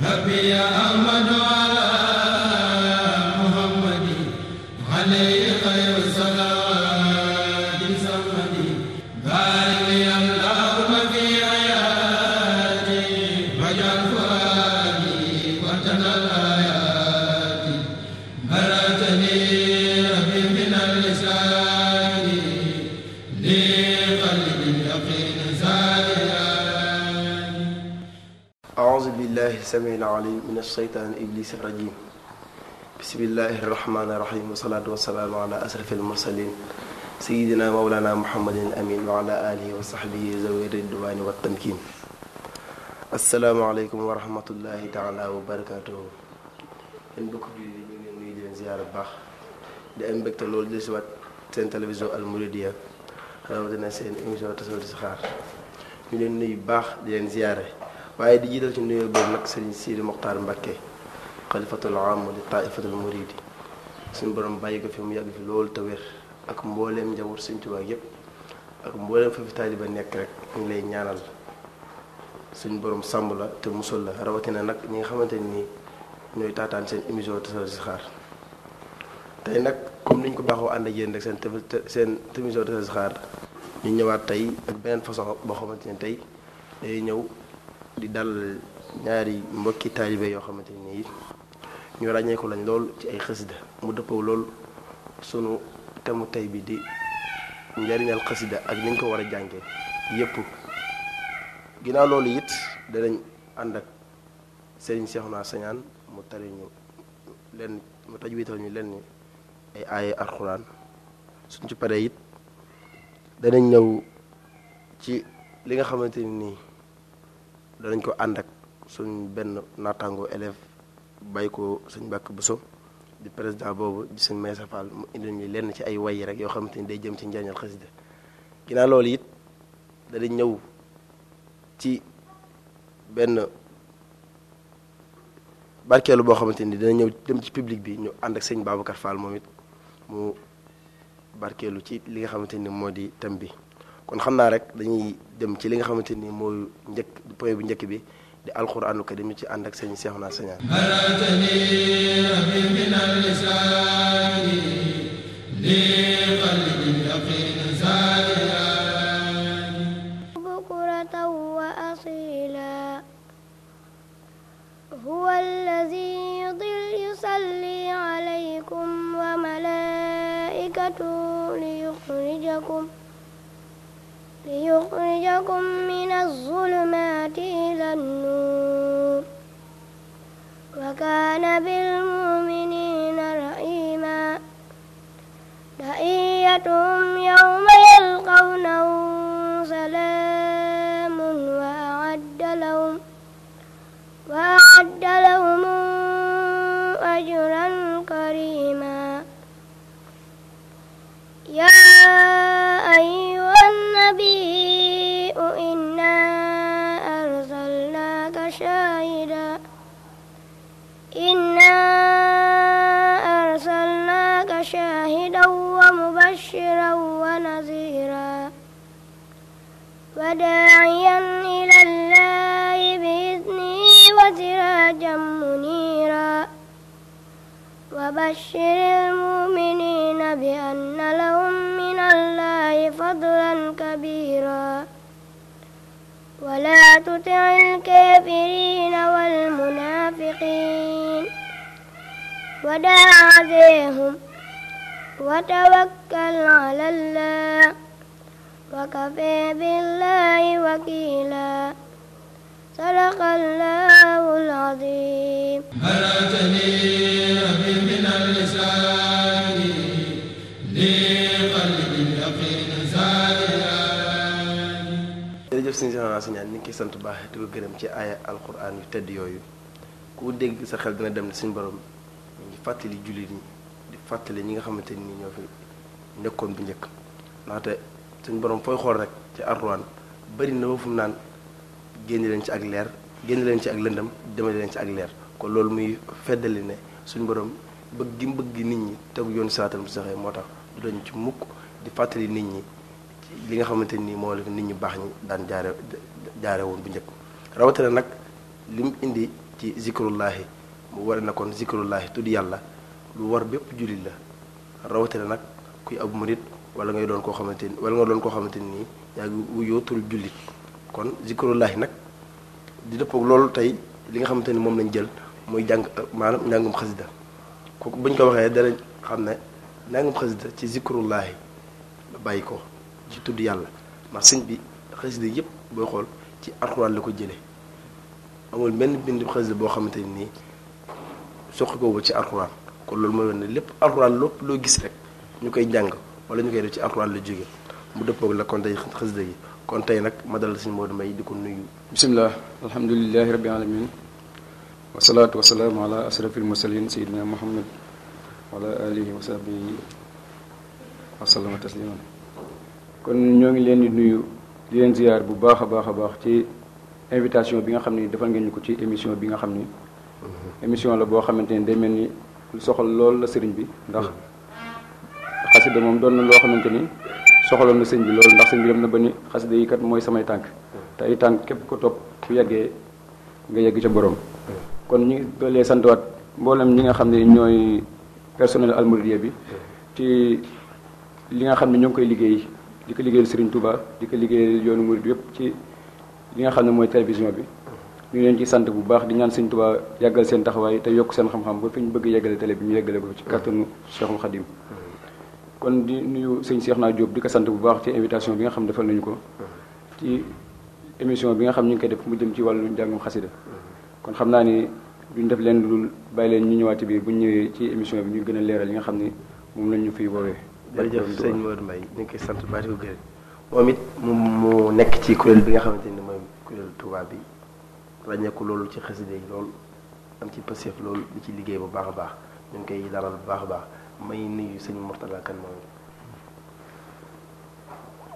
Happy Ahmadu الشيطان إبليس الرجيم بسم الله الرحمن الرحيم والصلاة والسلام على أشرف المرسلين سيدنا مولانا محمد الأمين وعلى آله وصحبه ذوي الردوان والتمكين السلام عليكم ورحمة الله تعالى وبركاته إن بكم بيجي نيجي نزيار باخ دي ام بكتو لول دي سوات سين تلفزيون المريديا سين ايميشن تاسو سخار ني نيي باخ دي نزياره waaye di jiital ci nuyoo boobu nag sëriñ Sidi Mokhtar Mbacké xalifatul aam li taaifatul muridi suñu borom bàyyi ko fi mu yàgg fi loolu te wér ak mbooleem njaboot Sëriñ Tuubaa yépp ak mbooleem fa fi taaliba nekk rek ñu lay ñaanal suñ borom sàmm la te musal la rawatina nag ñi nga xamante ni ñooy taataan seen émission Tasawur Sixaar tey nag comme niñ ko baaxoo ànd ak seen rek seen seen émission Tasawur Sixaar ñu ñëwaat tey ak beneen façon boo xamante ne tey day ñëw. di dal ñaari mbokki taalibe yoo xamante ni ñu ràññee ko lañ lool ci ay xasida mu dëppoo lool sunu temu tey bi di njariñal xasida ak niñ ko war a jànge yépp ginnaaw loolu it danañ ànd ak Serigne Cheikhouna Sagnane mu tari ñu lenn mu taj wiital ñu lenn ay aaye alxuraan suñ ci paree it danañ ñëw ci li nga xamante ni nii danañ ko ànd ak suñ benn naataango élève bàyyi ko suñ Mbàkke Buso di président boobu di suñ Meesa Fall mu indil ñu lenn ci ay way rek yoo xamante ni day jëm ci njariñal xasida ginnaaw loolu it danañ ñëw ci benn barkeelu boo xamante ni dana ñëw dem ci public bi ñu ànd ak sëñ Babacar Fall moom it mu barkeelu ci li nga xamante ni moo di thème bi kon xam naa rek dañuy dem ci li nga xamante ni mooy njëkk point bu njëkk bi di alquran alquranu karim ci ànd ak sëñ seexu naa sëñaar بكرة وأصيلا هو الذي يضل يصلي عليكم وملائكته ليخرجكم ليخرجكم من الظلمات إلى النور وكان بالمؤمنين رحيما تحيتهم يوم يلقونه سلام وبشر المؤمنين بأن لهم من الله فضلا كبيرا ولا تطع الكافرين والمنافقين ودع عليهم وتوكل على الله وكفى بالله وكيلا sadaqallaahul aziim jërëjëf sëñ Général Sëñ Ñaan ñu ngi koy sant baax di ko gërëm ci aaya alquran yu tedd yooyu ku dégg sa xel dina dem ne suñu borom ñu ngi fàttali jullit ñi di fàttali ñi nga xamante ni ñoo fi nekkoon bu njëkk ndaxte suñu borom fooy xool rek ci alquran bari na ba fu naan génne leen ci ak leer génne leen ci ak lëndam demale leen ci ak leer kon loolu muy feddali ne suñu borom bëgg gi bëgg nit ñi tegu yoon saatal mu mustaqiim moo tax du dañ ci mukk di fàttali nit ñi li nga xamante nii moo la nit ñu baax ñi daan jaare jaare woon bu njëkk rawatina nag li mu indi ci zikrullahi mu war na kon zikrullahi tudd yàlla lu war bépp jullit la rawatina nag kuy ab murit wala ngay doon koo xamante ni wala nga doon koo xamante nii yaa ngi wuyoo kon zikrullahi nag di dëppoog loolu tey li nga xamante ni moom lañ jël muy jàng maanaam njàngum xasida kooku buñ ko waxee danañ xam ne njàngum xasida ci zikrullahi bàyyi ko ci tudd yàlla ndax sëñ bi xasida yëpp booy xool ci alxuraan la ko jëlee amul benn bind xasida boo xamante ni nii soqi ko ci alxuraan kon loolu mooy wane lépp alxuraan lépp loo gis rek ñu koy jàng wala ñu koy def ci alxuraan la jóge mu dëppoog la kon day xasida yi kon tey nag ma dalal sëñ Modou Mbaye di ko nuyu bisimilah alhamdulilahi rabbi alamin wasalaatu wasalaamu ala asrafil mursalin sayidina muhammad wala alihi wa sahbihi wasalama tasliman kon ñoo ngi leen di nuyu di leen ziyaar bu baax a baax a baax ci invitation bi nga xam ni defal nga ñu ko ci émission bi nga xam ni mhm. émission la boo xamante ni day mel ni lu soxal lool la sëriñ bi ndax mhm. xasida moom doon loo xamante ni soxaloon na sëñ bi loolu ndax sëñ bi dem na ba ni xasida yi kat mooy samay tànk te ay tànk képp ko topp ku yeggee nga yegg ca borom. kon ñu ngi doolee santwaat mboolem ñi nga xam ne ñooy personnel almouridiya bi ci li nga xam ne ñoo ngi koy liggéey di ko liggéeyal Serigne Touba di ko liggéeyal yoonu murid yëpp ci li nga xam ne mooy télévision bi ñu ngi leen ci sant bu baax di ñaan Serigne Touba yàggal seen taxawaay te yokk seen xam-xam ba fi ñu bëgg yeggale tele bi ñu yeggale ci kàttanu Cheikhul Khadim kon di nuyu sëñ Cheikhouna Diop di ko sant bu baax ci invitation bi nga xam defal nañu ko ci émission bi nga xam ñu ngi koy def mu jëm ci wàllu njàngum xasida kon xam naa ni duñ def leen lu bàyyi leen ñu ñëwaati bi buñ ñëwee ci émission bi ñu gën a leeral yi nga xam ni moom lañ ñu fi woowee. jërëjëf sëñ Modou Mbaye ñu ngi koy sant baati ko gërëm moom it mu mu nekk ci kuréel bi nga xamante ni mooy kuréel Touba bi ràññeeku loolu ci xasida yi lool am ci pëseef loolu di ci liggéey bu baax a baax ñu ngi koy dalal bu baax a baax may nuyu sëñ Mourtala kan moom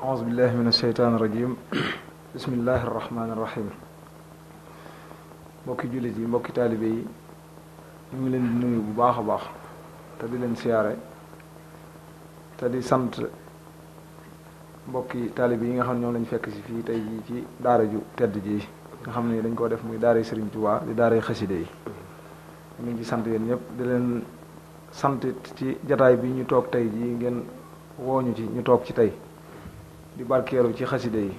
aouzu billahi min asheytaan rajim bismillahi arrahmani arrahim mbokki jullit yi mbokki taalibe yi ñu ngi leen di nuyu bu baax a baax te di leen siyaare te di sant mbokki taalibe yi nga xam ne ñoom lañ fekk si fii tey jii ci daara ju tedd ji nga xam ne dañ koo def muy daara Serigne Touba di daara xaside yi ñu ngi ci sant yéen ñëpp di leen sant ci jataay bi ñu toog tey ji ngeen wooñu ci ñu toog ci tey di barkeelu ci xasida yi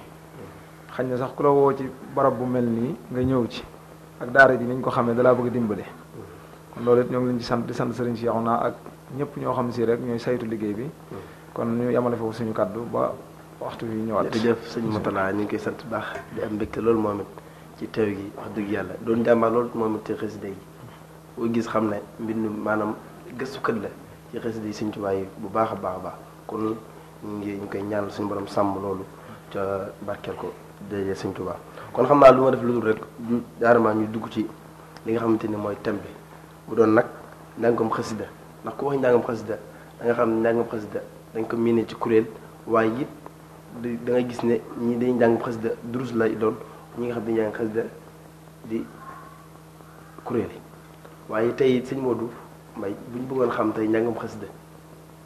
xañ na sax ku la woo ci barab bu mel nii nga ñëw ci ak daara ji niñ ko xam xamee dalaa bëgg dimbale kon loolu it ñoo ngi leen ci sant di sant sëriñ naa ak ñëpp ñoo xam si rek ñooy saytu liggéey bi kon ñu yamale foofu suñu kàddu ba waxtu yi ñëwaat jërëjëf sëñ Moutala ñu ngi koy sant baax di am mbégte loolu moom it ci teew gi wax dëgg yàlla doon jàmbaar loolu moom it ci xasida yi boo gis xam ne mbindum maanaam gëstukat la ci xasida yi Sëñ Tuubaa yi bu baax a baax baax kon ngi ñu koy ñaan suñu borom sàmm loolu ca barkeel ko déedéet Sëñ Tuubaa kon xam naa lu ma def lu dul rek ñu ñu dugg ci li nga xamante ni mooy thème bi mu doon nag njàngam xasida ndax ko wax njàngam xasida da nga xam ne njàngam xasida dañ ko miine ci kuréel waaye it da nga gis ne ñii dañuy njàngam xasida durus lay doon ñi nga xam ne njàngam xasida di kuréel yi waaye tey Sëñ Modou mbay bu ñu bëggoon xam tey njàngam de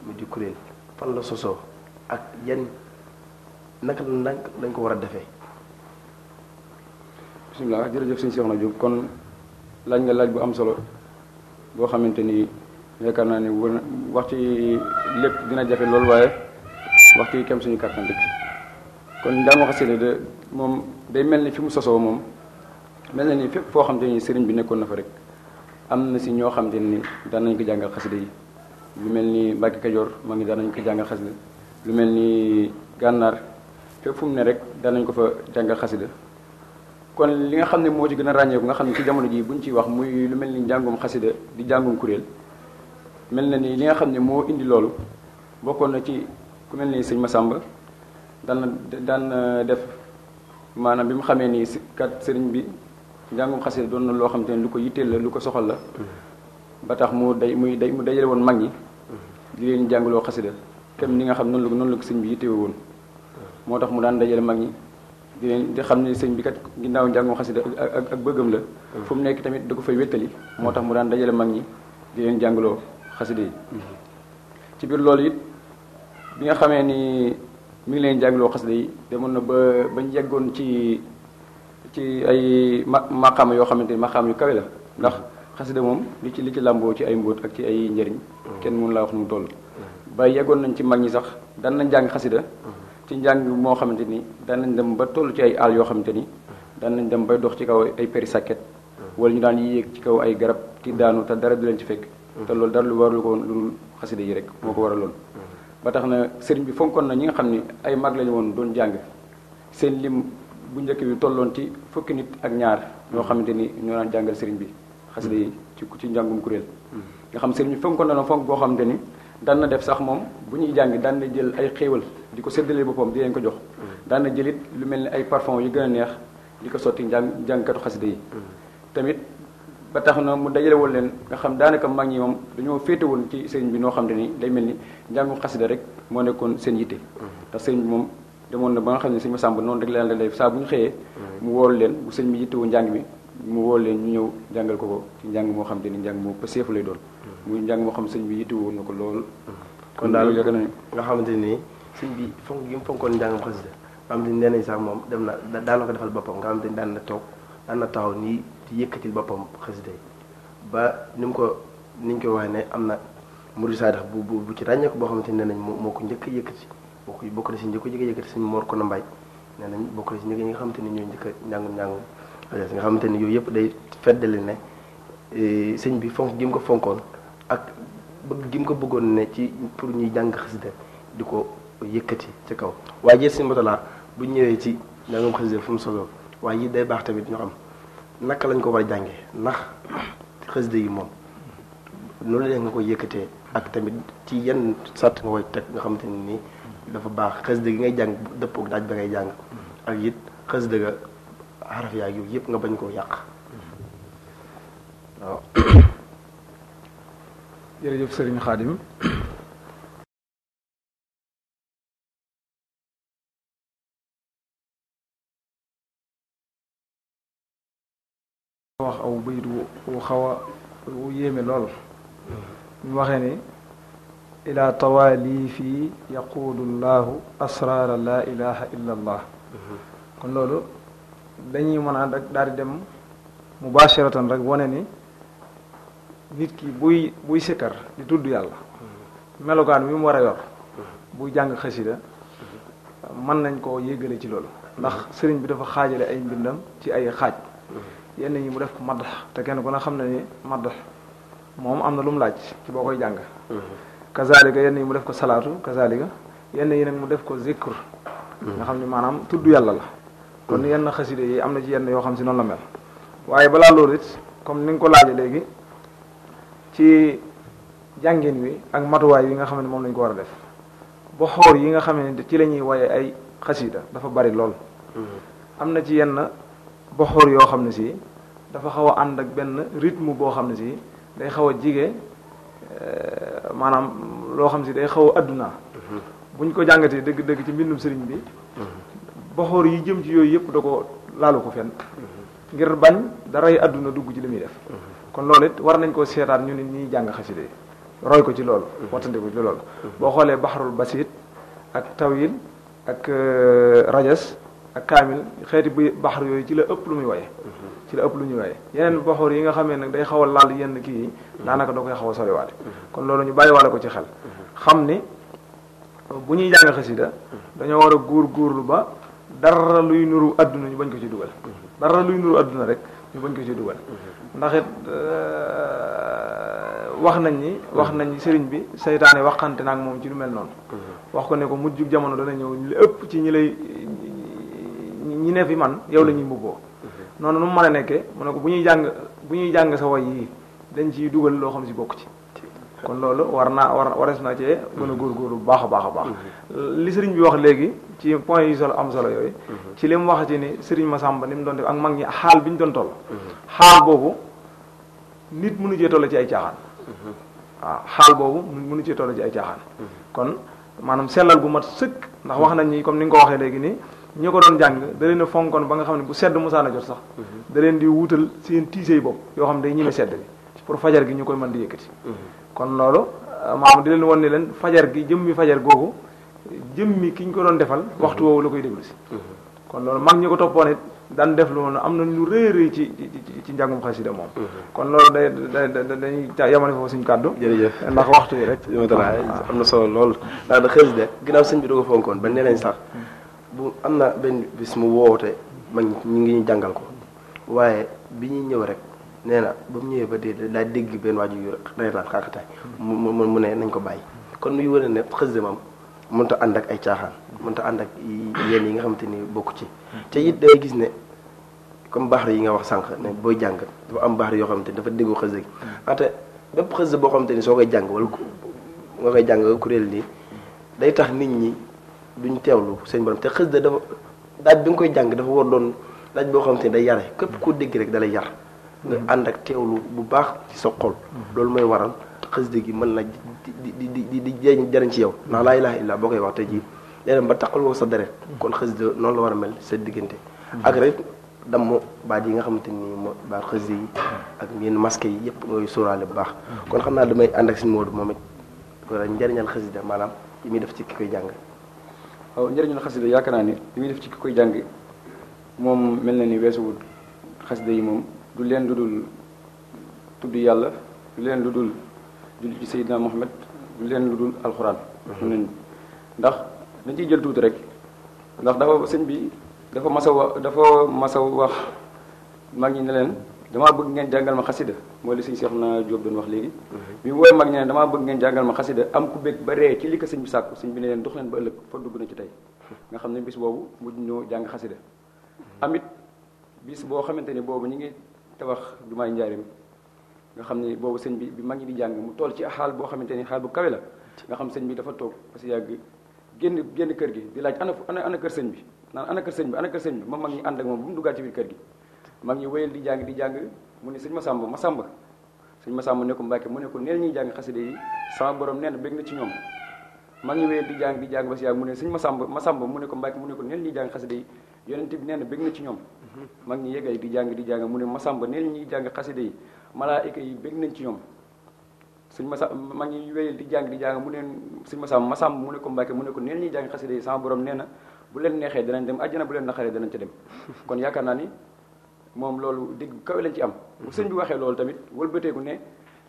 mu di kuréel fan la sosoo ak yan naka la lañ ko war a defee bisimilah jërëjëf sëñ Cheikh na Diop kon laaj nga laaj bu am solo boo xamante ni yaakaar naa ni waxtu yi lépp dina jafe loolu waaye waxtu yi kem suñu kàttan rek kon njàngu xasida de moom day mel ni fi mu sosoo moom mel na ni fépp foo xamante ni sëriñ bi nekkoon na fa rek am na si ñoo xam te ni danañ ko jàngal xasida yi lu mel ni Mbacke Kajoor moo ngi danañ ko jàngal xasida lu mel ni gànnaar fépp fu mu ne rek danañ ko fa jàngal xasida kon li nga xam ne moo ci gën a ràññeeku nga xam ne ci jamono ji buñ ci wax muy lu mel ni njàngum xasida di jàngum kuréel mel na ni li nga xam ne moo indi loolu bokkoon na ci ku mel ni sëñ Massamba dan daan def maanaam bi mu xamee ni kat sëriñ bi njàngum xasida doon na loo xam te ne lu ko yitteel la lu ko soxal la ba tax mu day muy day mu dajale woon mag ñi di leen jàngaloo xasida kem ni nga xam noonu la noonu la ko sëñ bi yittewoo woon moo tax mu daan dajale mag ñi di leen di xam ne sëñ bi kat ginnaaw njàngum xasida ak ak bëggam la fu mu nekk tamit da ko fay wéttali moo tax mu daan dajale mag ñi di jàngaloo xasida yi ci biir loolu it bi nga xamee ni mu ngi leen jàngaloo xasida yi demoon na ba bañ yeggoon ci ci ay ma maqaam yoo xamante ni maqaam yu kawe la ndax xasida moom li ci li ci làmboo ci ay mbóot ak ci ay njëriñ kenn mun laa wax nu mu toll ba yeggoon nañ ci mag ñi sax daan nañ jàng xasida ci njàng moo xamante ni daan nañ dem ba toll ci ay àll yoo xamante ni daan nañ dem bay dox ci kaw ay péri sàkket wala ñu daan yéeg ci kaw ay garab ti daanu te dara du leen ci fekk te loolu dara lu warlu ko woon lu dul xasida yi rek moo ko waraloon ba tax na sëriñ bi fonkoon na ñi nga xam ni ay mag lañu woon doon jàng bu njëkk bi tolloon ci fukki nit ak ñaar ñoo xamante ni ñoo daan jàngal sëriñ bi xasida yi ci ci njàngum kuréel nga xam sëriñ bi fonk ko na fonk boo xamante ni daan na def sax moom bu ñuy jàng daan na jël ay xéewal di ko séddalee boppam di leen ko jox daan na jëlit lu mel ni ay parfum yu gën a neex di ko sotti njàng jàngkatu xasida yi tamit ba tax na mu dajale woon leen nga xam daanaka mag ñi moom dañoo féete woon ci sëriñ bi noo xam te ni day mel ni njàngum xasida rek moo nekkoon seen yitte ndax sëriñ bi moom demoon na ba nga xam ne sëñ Masamba noonu rek la leen def saa bu ñu xëyee mu leen bu sëñ bi yittewoo njàng mi mu woolu leen ñu ñëw jàngal ko ko ci njàng moo xam te ni njàng moo pëseefu lay doon muy njàng moo xam sëñ bi yittewoo na ko lool kon daal nga xamante nii sëñ bi fonk gi mu fonkoon njàngam xasida nga xamante ni nee nañ sax moom dem na daan na ko defal boppam nga xamante ni daan na toog daan na taxaw nii di yëkkatil boppam xasida yi ba ni mu ko ni ñu koy waxee ne am na murid saadax bu bu ci ràññeeku boo xamante ne nee moo ko njëkk yëkkati bokk bokk na si njëkk jëkk yëkkati suñu Mor Kona Mbaye nee nañ bokk na si njëkk ñi nga xamante ni ñoo njëkk a njàngum njàngum nga xamante ni yooyu yëpp day feddali ne e, sëñ bi fonk gi mu ko fonkoon ak bëgg gi mu ko bëggoon ne ci pour ñuy jàng xasida di ko yëkkati ci kaw waaye jër suñu motolaa bu ñëwee ci njàngum xasida fu mu solo waaye yi day baax tamit ñu xam naka lañ ko war jànge ndax xasida yi moom noonu la nga koy yëkkatee ak tamit ci yan sart nga koy teg nga xamante ni nii dafa baax xasida gi ngay jàng dëppook daaj ba ngay jàng ak it xasida ga xaraf yaa yooyu yëpp nga bañ koo yàq waaw jërëjëf sëriñ Xaadim wax aw bayit wu xaw wu yéeme lool ñu mm-hmm. waxee ni ila tawalifi yaqulu llahu asrara la ilaha illa allah kon loolu dañuy mën a rek daal di dem mubasharatan rek wone ni nit ki buy buy sikkar di tudd yàlla melokaan bi mu war a yor buy jàng xasida mën nañ koo yéegale ci loolu ndax sëriñ bi dafa xaajale ay mbindam ci ay xaaj yenn ñi mu def ko maddax te kenn ku ne xam ne ni maddax moom am na lu mu laaj ci boo koy jàng كذلك يني مدفك صلاته كذلك يني يني مدفك ذكر نخمني معنام تدو يلا لا كون يني خسيد يي امنا جي يني يو خمسي نون لمل واي بلا لوريت كم نينكو لاجي لغي تي جانجين وي اك ماتواي ويغا خمني موم نينكو وارا ديف بو خور ييغا خمني تي لا ني واي اي خسيده دا Euh, maanaam loo xam si day xaw àdduna mm-hmm. buñ bu ñu ko jàngatee dëgg dëgg ci mbindum sëriñ bi mm-hmm. boxoor yi jëm ci yooyu yëpp da ko laalu ko fenn mm-hmm. ngir bañ daray àdduna dugg ci li muy def kon loolu war nañ koo seetaat ñu ne ñiy jàng xaside roy ko ci loolu wattante ko ci loolu boo xoolee baxarul basit ak tawil ak euh, rajas ak kaamil xeeti bi baxar yooyu ci la ëpp lu muy woye ci la ëpp lu ñu waaye yeneen baxoor yi nga xamee nag day xaw a laal yenn kii yi daanaka da koy xaw a soriwaate kon loolu ñu bàyyiwaale ko ci xel xam ni bu ñuy jàng xasida dañoo war a góor góorlu ba dara luy nuru àdduna ñu bañ ko ci dugal dara luy nuru àdduna rek ñu bañ ko ci dugal ndax it euh, wax nañ ni wax nañ ni sëriñ bi seytaane waxante naag moom ci lu mel noonu wax ko ne ko mujjug jamono dana ñëw li ëpp ci ñi lay ñi ne fi man yow la ñuy mbubboo noonu nu mu mën a nekkee mu ne ko bu ñuy jàng bu ñuy jàng sa way yii dañ ciy dugal loo xam si bokk ci kon loolu war naa war warees na cee mën a góorgóorlu bu baax a baax a baax li sëriñ bi wax léegi ci point yu solo am solo yooyu ci li mu wax ci ni sëriñ Masamba ni mu doon def ak mag ñi xaal bi ñu doon toll xaal boobu nit mënu cee toll ci ay caaxaan waaw xaal boobu mënu cee toll ci ay caaxaan kon maanaam sellal bu mat sëkk ndax wax nañ ni comme ni nga ko waxee léegi nii ñi ko doon jàng da leen fonkoon ba nga xam ne bu sedd musaana jot sax mhm. da di wutal seen tiise yi bopp yoo xam ne day ñeme sedd bi pour fajar gi ñu koy mën di yëkkati mhm. kon loolu euh, maam di leen wan ne leen fajar gi jëmmi fajar googu jëmmi ki ñu ko doon defal mhm. waxtu woowu la koy déglu si kon loolu mag ñi ko toppoon it daan def loolu am na lu rëy rëy ci ci njàngum xasida moom kon loolu day da dañuy yamale foofu suñu kàddu jërëjëf ndax waxtu yi rek ah. am na solo lool ndax da xasida ginnaaw sëñ bi du ko fonkoon ba nee nañ bu am na benn bis mu woote mag ñu ngi ñu jàngal ko waaye bi ñuy ñëw rek nee na ba mu ñëwee ba dee daa dégg benn waaju yu reetaan xaakataay mu mu ne nañ ko bàyyi kon muy wane ne xës de moom mënut a ànd ak ay caaxaan mënut ta ànd ak yenn yi nga xamante ni bokk ci te it day gis ne comme baax yi nga wax sànq ne booy jàng dafa am baax yoo xamante ni dafa déggu xës gi bépp xës boo xamante ni soo koy jàng wala nga koy jàng kuréel nii day tax nit ñi duñ teewlu seen borom te xës da dafa daaj bi nga koy jàng dafa war doon daaj boo xam te ne day yare képp koo dégg rek dalay yar nga mm-hmm. ànd ak teewlu bu baax ci sa xol mm-hmm. loolu mooy waral xasida gi mën na di di di di jariñ yow mm-hmm. ndax laa ilaha illa boo koy wax te ji ba taqal sa deret kon xasida noonu la war a mel sa diggante ak rek damm baat yi nga xamante nii moo baat xasida yi ak ngeen masque yi yëpp ngay soraale bu baax kon xam naa damay ànd ak sin moodu moom it njariñal xasida maanaam yi muy def ci ki koy jàng waaw njëriñul xasida yaakaar naa ni li muy def ci ki koy jàng moom mel na ni weesuwul xasida yi moom du leen lu dul tudd yàlla du leen lu dul julli ci Seydina Muhammad du leen lu dul alxuraan mhm. ndax dañ ciy jël tuuti rek ndax dafa sëñ bi dafa masa wa dafa masa wax mag ñi ne leen dama bëgg ngeen jàngal ma xasida mooy li sëñ Cheikh na job doon wax léegi bi mu wooy mag ñi ne dama bëgg ngeen jàngal ma xasida am ku bëgg ba ree ci li ko sëñ bi sàkku sëñ bi ne leen dox leen ba ëllëg fa dugg na ci tey nga xam ne bis boobu mu ñoo jàng xasida amit bis boo xamante ni boobu ñu ngi tabax jumaay njaarim nga xam ne boobu sëñ bi bi mag ñi di jàng mu toll ci xaal boo xamante ni xaal bu kawe la nga xam sëñ bi dafa toog parce que yàgg génn génn kër gi di laaj ana ana kër sëñ bi naan ana kër sëñ bi ana kër sëñ bi moom mag ñi ànd ak moom bu mu duggaat ci biir kër gi mag ñi wéyal di jàng di jàng mu ne sëñ Masamba Masamba ma Masamba ne ko Mbàkke mu ne ko neel ñuy jàng xasida yi sama borom nee na bég na ci ñoom mag ñi wéyal di jàng di jàng si yàgg mu ne sëñ Masamba Masamba mu ne ko Mbàkke mu ne ko neel ñuy jàng xasida yi yonent bi nee na ci ñoom mag ñi yegal di jàng di jàng mu ne Masamba neel ñuy jàng xasida yi malaayika yi bég nañ ci ñoom sëñ masa mag ñi wéyal di jàng di jàng mu ne sëñ Masamba Masamba mu ne ko Mbàkke mu ne ko neel ñuy jàng xasida yi sama borom nee na bu leen neexee danañ dem àjjana bu leen naxaree danañ ca dem kon yaakaar naa ni moom loolu dégg kawe lañ ci am bu sëñ bi waxee loolu tamit wëlbateeku ne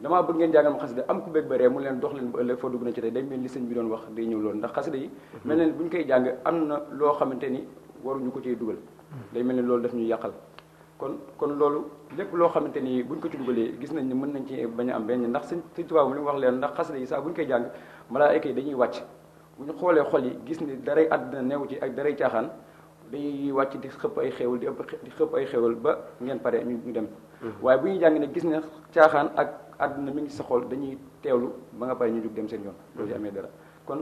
damaa bëgg ngeen jàngal ma xasida am ku mu leen dox leen ba ëllëg fa dugg ci tey dañ mel li sëñ bi doon wax day ñëw loolu ndax xasida yi mhm. mel ne buñ koy jàng am na loo xamante ni waruñu ko ciy dugal mhm. day mel ni loolu daf ñuy yàqal kon kon loolu lépp loo xamante ni buñ ko ci dugalee gis nañ ne mën nañ ci bañ am benn ndax sëñ sëñ Tuubaa li mu wax leen ndax xasida yi saa bu ñu koy jàng malaayika yi dañuy wàcc bu ñu xoolee xol yi gis ni daray àddina new ci ak daray caaxaan dañuy wàcc di xëpp ay xéwal di ëpp di xëpp ay xéwal ba ngeen pare ñu dem mm-hmm. waaye bu ñuy jàng ne gis ne caaxaan ak àdduna mu ngi sa xol dañuy teewlu ba nga pare ñu jug dem seen yoon mm-hmm. loolu ci amee dara kon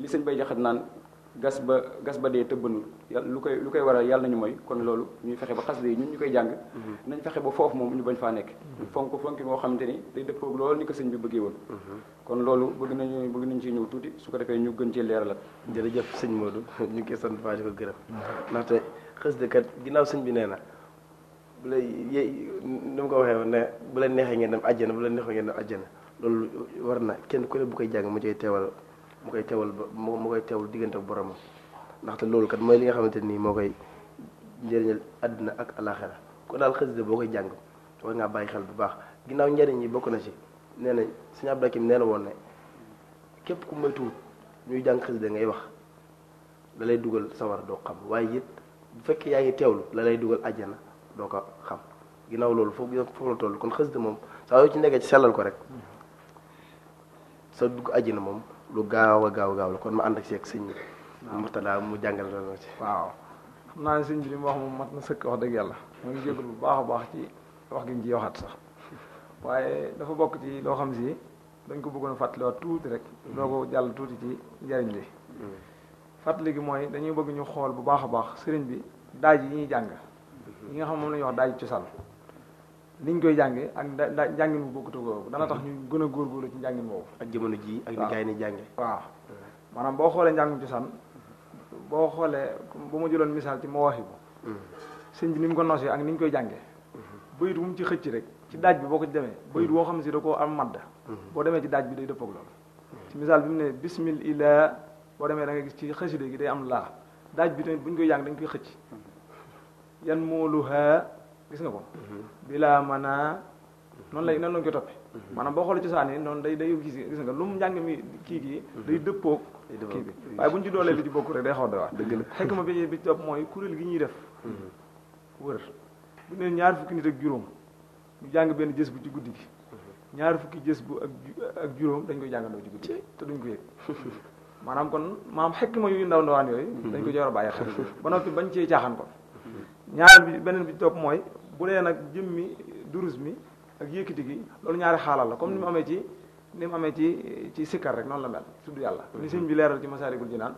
li sëñ bay jaxat naan gas ba gas ba dee tëbbanu yàlla lu koy lu koy waral yàlla nañu mooy kon loolu ñuy fexe ba xas de ñun ñu koy jàng mm-hmm. nañ fexe ba foofu moom ñu bañ faa nekk mm-hmm. fonk fonki moo xamante ni day dëppoo loolu ni ko sëñ bi bëggee woon mm-hmm. kon loolu bëgg nañu bëgg nañu ci ñëw tuuti su ko defee ñu gën ci leeral jërëjëf sëñ Modou ñu ngi koy sant faa di ko gërëm ndaxte xës de kat ginnaaw sëñ bi nee na bu la yéy nu mu ko waxee ne bu la neexee ngeen dem àjjana bu la neexee ngeen dem loolu war na kenn ku ne bu koy jàng mu cay teewal mu koy teewal mu koy teewal diggante ak loolu kat mooy li nga xamante nii moo koy njëriñal àddina ak alaxira kon daal xasida boo koy jàng war ngaa bàyyi xel bu baax ginnaaw njëriñ yi bokk na ci nee na sëñ Abdou Hakim nee na ne képp ku moytuwut ñuy jàng xasida ngay wax la lay dugal sawar doo xam waaye it bu fekkee yaa ngi teewlu la lay dugal àjjana doo ko xam ginnaaw loolu foofu foofu la toll kon xasida moom saa yoo ci nekkee ci sellal ko rek sa dugg àjjana moom lu gaaw a gaaw gaaw la kon ma ànd ak seeg sëñ Murtada mu jàngal la ci waaw xam naa sëñ bi li mu wax moom mat na sëkk wax dëgg yàlla mu ngi jégalu bu baax a baax ci wax gi ñu ci waxaat sax waaye dafa bokk ci loo xam si dañ ko bëggoon a fàttaliwaat tuuti rek loo mm-hmm. ko jàll tuuti ci njariñ li mm-hmm. fàttali gi mooy dañuy bëgg ñu xool bu baax a baax sëriñ bi daaj yi ñuy jàng mm-hmm. yi nga xam moom lañuy ñuy wax daaj cosaan niñ koy jànge ak da njàngin bu bokkut ak dana tax ñu gën a góorgóorlu ci njàngin boobu. ak jamono jii ak ni gars yi ni jànge waaw maanaam boo xoolee njàngum cosaan boo xoolee bu ma jëloon misaal ci Mawaahibu hmm. sëñ bi ni mu ko nosee ak ni ñu koy jàngee hmm. bayit mu ci xëcc rek ci daaj bi boo ko demee hmm. bayit woo xam ne si da koo am madd boo demee ci daaj bi day dëppoog loolu missal bi mu ne bismillah boo demee da nga gis ci xëside gi day am laa daaj bi tamit bu ñu koy jàng dañ koy xëcc yan gis nga ko mhm. bila mana noonu lay noonu lañu ko toppe mhm. maanaam boo xoolee cosaan yi noonu day day gis gis nga lu mu njàng mi kii gi mhm. day dëppoog kii bi waaye bu ñu ci doolee li ci bokk rek day xaw doy waar xekk ma bi bi topp mooy kuréel gi ñuy def wër bu neen ñaar fukki nit ak juróom ñu jàng benn jës bu ci guddi gi ñaari fukki jës bu ak ak juróom dañ koy jàngandoo ci guddi te duñ ko yëg maanaam kon maam xekk ma yu ndaw ndawaan yooyu dañ ko jor a bàyyi xel ba noppi bañ cee caaxaan kon ñaareel bi beneen bi topp mooy bu dee nag jëmmi durus mi ak yëkkati gi loolu ñaari xaalal la comme ni mu amee ci ni mu amee ci ci sikkar rek noonu la mel tudd yàlla mm-hmm. ni sëñ bi leeral ci masaalikul naan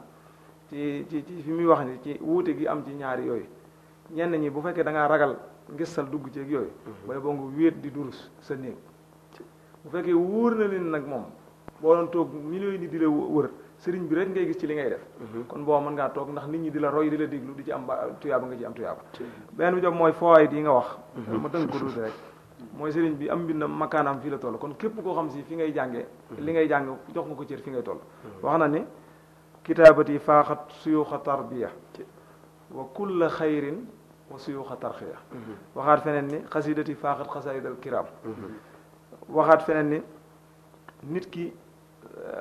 ci ci ci fi muy wax ni ci wuute gi am ci ñaari yooyu ñenn ñi bu fekkee dangaa ngaa ragal ngistal dugg ci ak yooyu bay mm-hmm. boo nga wéet di durus sa néeg bu fekkee wóor na leen nag moom boo doon toog millions yi di la wër sëriñ bi rek ngay gis ci li ngay def mhm. kon boo mën ngaa toog ndax nit ñi di la roy di la déglu di ci am tuyaaba nga ci am tuyaaba benn bi jom mooy foowaayit yi nga wax mhm. ma tënk ko tuuti rek mooy sëriñ bi am mbindam makaanam fii la toll kon képp koo xam si fi ngay jàngee mhm. li ngay jàng jox nga ko cër fi ngay toll wax na ni kitaabati faaxat suyuxa tarbiya wa kulla xayrin wa suyuxa tarxiya waxaat feneen ni xasidati faaxat xasaidal kiram waxaat feneen ni nit ki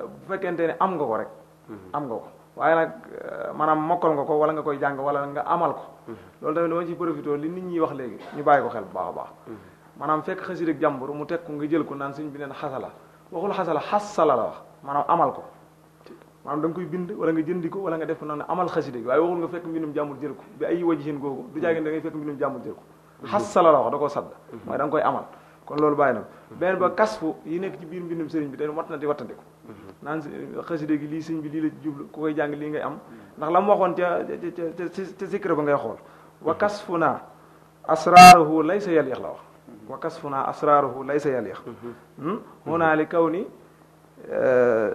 bu fekkente ne am nga ko rek mhm. am nga ko waaye nag eh, maanaam mokkal nga ko wala nga koy jàng wala nga amal ko mhm. loolu tamit dama ci profité li nit ñi wax léegi ñu bàyyi ko xel bu baax a baax mhm. maanaam fekk xasida ak jàmbur mu teg ko nga jël ko naan suñ bi neen xasala waxul xasala xasala la wax maanaam amal ko maanaam da nga koy bind wala nga jëndi ko wala nga def ko naan amal xasida gi waaye waxul nga fekk mbindum jàmbur jël ko bi ay waji seen googu du jaagin da ngay fekk mbindum jàmbur da nga koy amal kon loolu bàyyi na ko benn ba kasfu yi nekk ci biir mbindum sëriñ bi dañu wat na di wattandiku naan xasida gi lii sëriñ bi lii la jublu ku koy jàng lii ngay am ndax la mu waxoon ca ca sikkira ba ngay xool wa kasfu naa asraruhu laysa yalix la wax wa kasfu naa asraruhu laysa yalix hunaa li kaw ni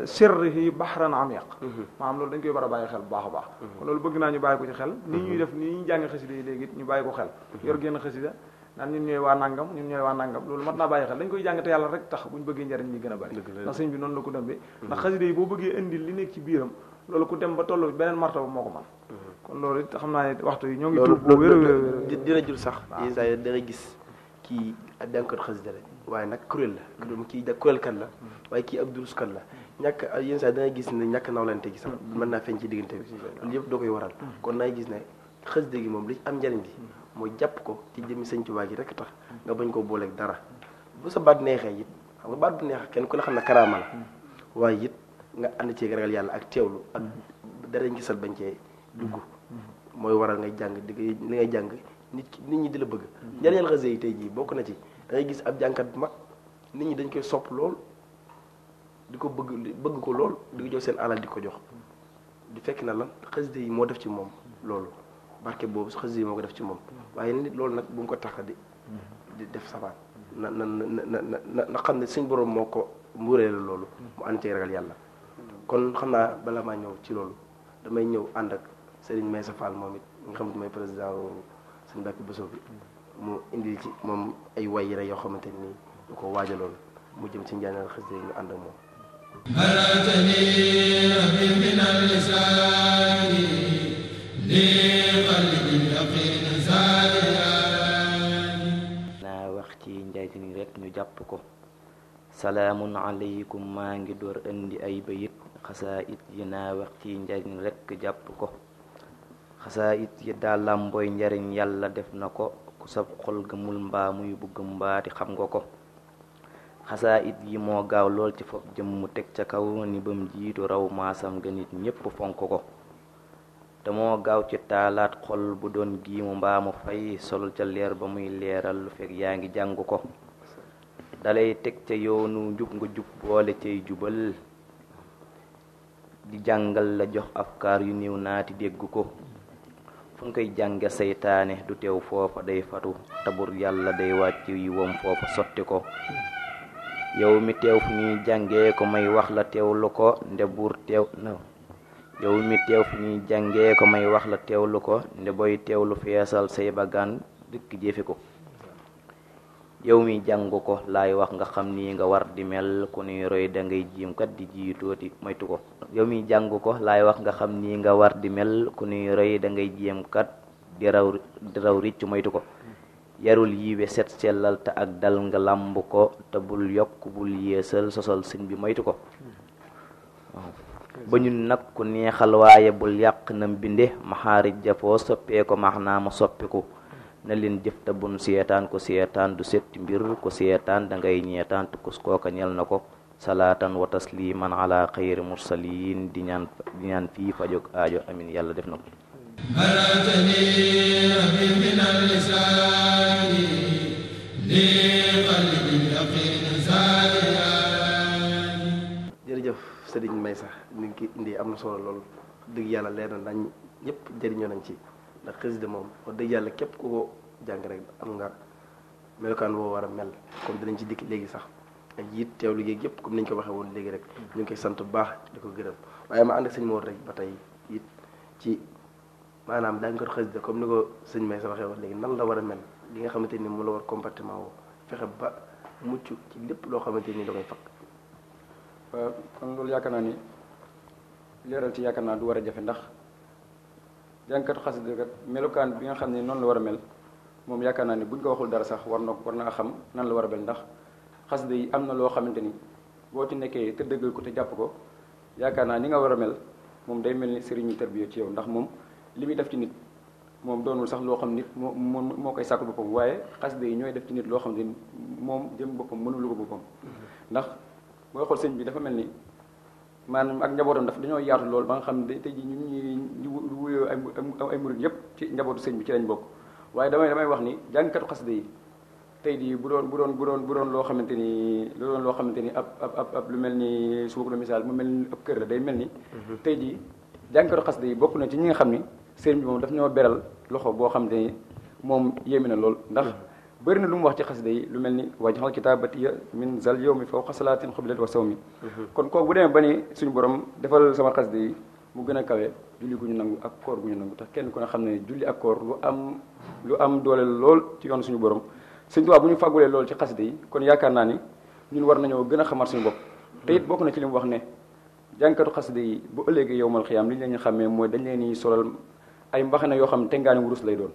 sirrihi bahran amiq maam loolu dañ koy war a bàyyi xel bu baax a baax kon loolu bëgg naa ñu bàyyi ko ci xel ni ñuy def ni ñuy jàng xasida yi léegi ñu bàyyi ko xel yor génn xasida naan ñun ñooy waa nangam ñun ñooy waa nangam loolu mat naa bàyyi xel dañ koy jàng te yàlla rek tax buñ bëggee njariñ ñi gën a bari ndax sëñ bi noonu la ko dëmbee ndax xasida yi boo bëggee indi li kon loolu it naa ne waxtu yi ñoo ngi tuub wér wér dina jur sax yenn saa yi da ngay gis kii jàngkat waaye nag kuréel la dum mm. kii kuréel kan la mm. waaye kii ab durus la ñàkk yenn saa yi gis ne ñàkk nawlante gi sax mm. mën naa feeñ ci diggante bi yëpp doo koy waral kon naa gis ne xasida gi moom li am njariñ li mooy japp ko ci jëmi señ tuba gi rek tax nga bañ bolé ak dara bu sa baat nexé yit xam nga baat bu neexee kenn ku la xam ne la way yit nga and ci ragal yalla ak tewlu ak dara ngisal bañ ci dugg moy waral ngay jang di li ngay jang nit ki nit ñi di bëgg njëriñal xasida yi tay ji bokku na ci da ngay gis ab jankat bu mag nit ñi dañ koy sopp lool diko bëgg bëgg ko lool diko jox seen alal di jox di fekk na lan xasida mo def ci mom loolu barke boobu xasida moo ko def ci moom waaye nit loolu nag bu mu ko tax di di def sabaan na na na na xam ne suñ boroom moo ko mbuuree la loolu mu ànd ci yàlla kon xam naa maa ñëw ci loolu damay ñëw ànd ak Serigne Meissa Fall moom it nga xam ne mooy président sëñ Mbacke Bousso bi mu indi ci moom ay way yoo xamante nii ñu ko waaja waajaloon mu jëm si njàngal xasida yi ñu ànd ak moom هل أتني ربي من naa wax ci njaaytin gi ñu jàpp ko salaamun aleykum maa ngi door indi ay bayit xasaayit yi naa wax ci njaaytin rek jàpp ko xasaayit yi daa njariñ yàlla def na ko ku sab xol gëmul mbaa muy bugg mbaati xam nga ko xasaayit yi moo gaaw lool ci fopp jëmm teg ca kaw ni bam jiitu raw maasam ga nit ñépp fonk ko damo gawce talat xol bu don gimo mbamo fay solo ca leer ba muy leeral lu fek yaangi jangu ko dalay teg ca yoonu njub nga jub boole cay jubal di jangal la jox afkar yu niw naati déggu ko fu ngay jànge seytaane du teew foofa day fatu tabur yàlla day wàcc yi wom foofa sotti ko yow mi teew fu ñuy jàngee ko may wax la teewlu ko ndebur teew no. yow mi tew fi ñuy jàngee ko may wax la tewlu ko nde boy teewlu feesal say bagaan dëkk jëfe ko yow mi jàng ko lay wax nga xamni nga war di mel ku nuy roy da ngay jiim kat di jiyu tuuti moytu ko yow mi jàng ko lay wax nga xamni nga war di mel ku nuy roy da ngay jiim kat di raw di raw moytu ko yarul yiwe set selal ta ak dal nga lamb ko te bul bul yeesal sosol sin bi moytu ko ba nak nag ku neexal waaye bul yàq na mbinde maxaari jafoo soppee ko max naa ma soppiku na leen jëf ta bun seetaan ko seetaan du setti mbir ko seetaan da ngay ñeetaan kooka ñel na salatan wa tasliman ala xayri mursalin di ñaan di ñaan fii fajog aajo amin yàlla def na ko jërëjëf sëriñ may sax ki indi am solo lol deug yalla leena na nañ ñëpp jëriñoo nañ ci da xasida de mom dëgg deug yalla kep ko jang rek am nga melokaan wo wara mel comme dinañ ci dik legi sax ak yit tewlu liggéey yëpp comme niñ ko waxe won legi rek ñu ngi koy sant bu baax diko gëreem waye ma and ak señ mo rek batay yit ci maanaam da nga ko de comme niko señ May sa waxe won legi nan la wara mel li nga xamanteni mu la war comportement wo fexe ba muccu ci lepp lo xamanteni da koy fakk waaw kon loolu ni leeral ci yaakaar naa du war a jafe ndax jànkatu xasida kat melokaan bi nga xam ne noonu la war a mel moom yaakaar naa ne buñ ko waxul dara sax war na war naa xam nan la war a mel ndax xasida yi am na loo xamante ni boo ci nekkee te dëggal ko te jàpp ko yaakaar naa ni nga war a mel moom day mel ni sëriñu tarbiya ci yow ndax moom li muy def ci nit moom doonul sax loo xam nit moo moo koy sàkku boppam waaye xasde yi ñooy def ci nit loo xam ne moom jëm boppam mënulu boppam ndax dafa mel ni maanaam ak njabootam daf dañoo yaatu lool ba nga xam ne tey jii ñu ñi wuyoo ay murid yëpp ci njabootu sëñ bi ci lañ bokk waaye damay damay wax ni jàngkatu xasida yi tey jii bu doon bu doon bu doon bu loo xamante ni lu doon loo xamante ni ab ab ab lu mel ni su la misaal mu mel ni ab kër la day mel ni mhm. tey jii jàngkatu xasida yi bokk na ci ñi nga xam ni sëñ bi moom daf ñoo beral loxo boo xamante ni moom yéemi na lool ndax mhm. برنا لوم وقت خس دعي لملني وجه الكتاب بتيه من زل يوم فوق صلاتين خبلت وسومي كن كوا بدي بني سن برم دفعل سما خس دعي مغنا كوي جولي كوني نعو أكور كوني نعو تكين كنا خم جولي أكور لو أم لو أم دول اللول تيجان سن برم سن تو أبوني فاقول اللول تخس دعي كن يا كناني نين ورنا نيو غنا خمار سن بوك تيت بوك نكلم وقنا جان كتو خس دعي بو ألقي يوم الخيام لين ين خم مو دنيني سولم أي مبخنا يو خم تنجان ورس ليدون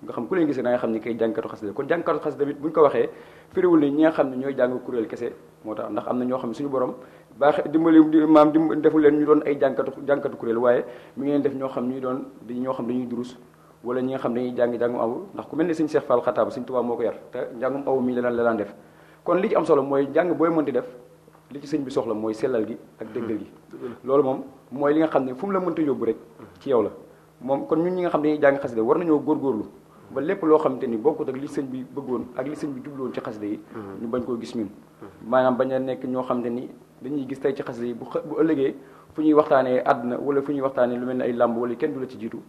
nga xam ku leen gisee da nga xam ni kay jàngkatu xasida kon jàngkatu xasida tamit bu ñu ko waxee firiwul ni ñi nga xam ne ñooy jàng kuréel kese moo tax ndax am na ñoo xam ne suñu borom baax dimbali maam dim deful leen ñu doon ay jàngkatu jàngkatu kuréel waaye mi ngi leen def ñoo xam ñuy doon di ñoo xam dañuy durus wala ñi nga xam dañuy jàng jàngum aw ndax ku mel ne sëñ Cheikh Fall Xataab sëñ Tuubaa moo ko yar te jàngum aw mii def kon li ci am solo mooy jàng booy mënti def li ci sëñ bi soxla mooy sellal gi ak déggal gi mm-hmm. loolu moom mooy li nga xam ne fu mu la mënta yóbbu rek ci yow la moom kon ñun ñi nga xam dañuy jàng xasida war nañoo góorgóorlu ba lépp loo xamante ni bokkut ak li sëñ bi bëggoon ak li sëñ bi jubloon ci xasida yi mm-hmm. ñu bañ koo gis ñun mm-hmm. maanaam bañ a nekk ñoo xamante ni dañuy gis tey ci xasida yi bu bu ëllëgee fu ñuy waxtaanee àdduna wala fu ñuy waxtaanee lu mel ne ay làmb wala kenn du la ci jiitu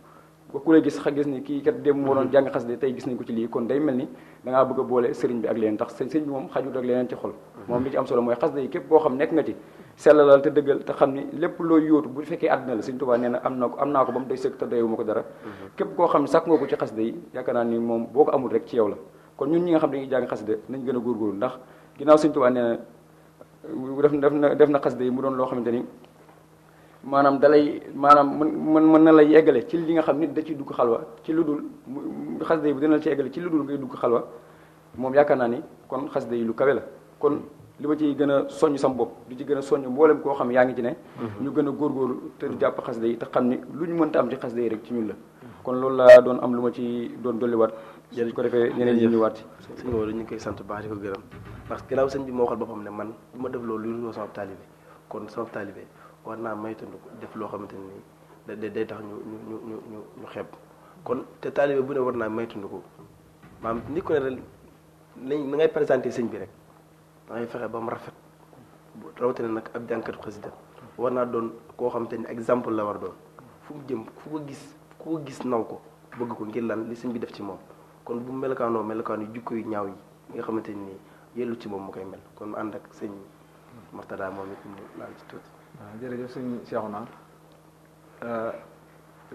ku la gis xa gis ni kii kat dem waroon mm-hmm. jàng xasida tey gis nañ ko ci lii kon day mel ni da bëgg a boole sëriñ bi ak leneen tax sëriñ bi moom xajut ak leneen ci xol moom li ci mooy xasida yi képp koo xam nekk nga ci sellalal te dëggal te xam ni lépp loo yóotu bu fekkee àdduna la Sëriñ Tuubaa nee na am na ko am naa ko ba mu doy sëkk te doyuma ko dara mhm. képp koo xam ne sàkk nga ko ci xasida yi yaakaar naa ni moom boo ko amul rek ci yow la kon ñun ñi nga xam ne dañuy jàng xasida nañ gën a góorgóorlu ndax ginnaaw Sëriñ Tuubaa nee euh, na def na def na xasida yi mu doon loo xamante ni maanaam dalay maanaam mën mën na lay yeggale ci li nga xam nit da ciy dugg xalwa ci lu dul xasida yi bu dina la ci yeggale ci lu dul ngay dugg xalwa moom yaakaar naa ni kon xas yi lu kawe la kon li ma ciy gën a soññ sam bopp lu ci gën a soññ mboolem koo xam yaa ngi ci ne mhm. ñu gën a góorgóorlu te di jàpp xasida yi te xam ni lu ñu mënta am ci xasida yi rek ci ñun la mhm. kon loolu laa doon am lu ma ci doon dolliwaat su ko defee ñeneen ñi ñëwaat si ñu dañu koy sant baax di ko gërëm parce que ginnaaw sëñ bi moo waxal boppam ne man du ma def loolu lu sama taalibe kon sama taalibe war naa ko def loo xamante ni da day tax ñu ñu ñu ñu ñu xeeb kon te taalibe bu ne war naa maytandu ko maanaam nit ko ne na ngay présenté sëñ bi rek da ngay fexe ba mu rafet rawatina nag ab jànkatu xasida war naa doon koo xamante te ni exemple la war doon fu mu jëm fu ko gis ku ko gis naw ko bëgg ko ngir lan li sëñ bi def ci moom kon bu melokaanoo melokaanu jukko yu ñaaw yi nga xamante ni yellu ci moom mu koy mel kon mu ànd ak sëñ Martada moom it mu laal ci tuuti. si jërëjëf sëñ Cheikhouna euh,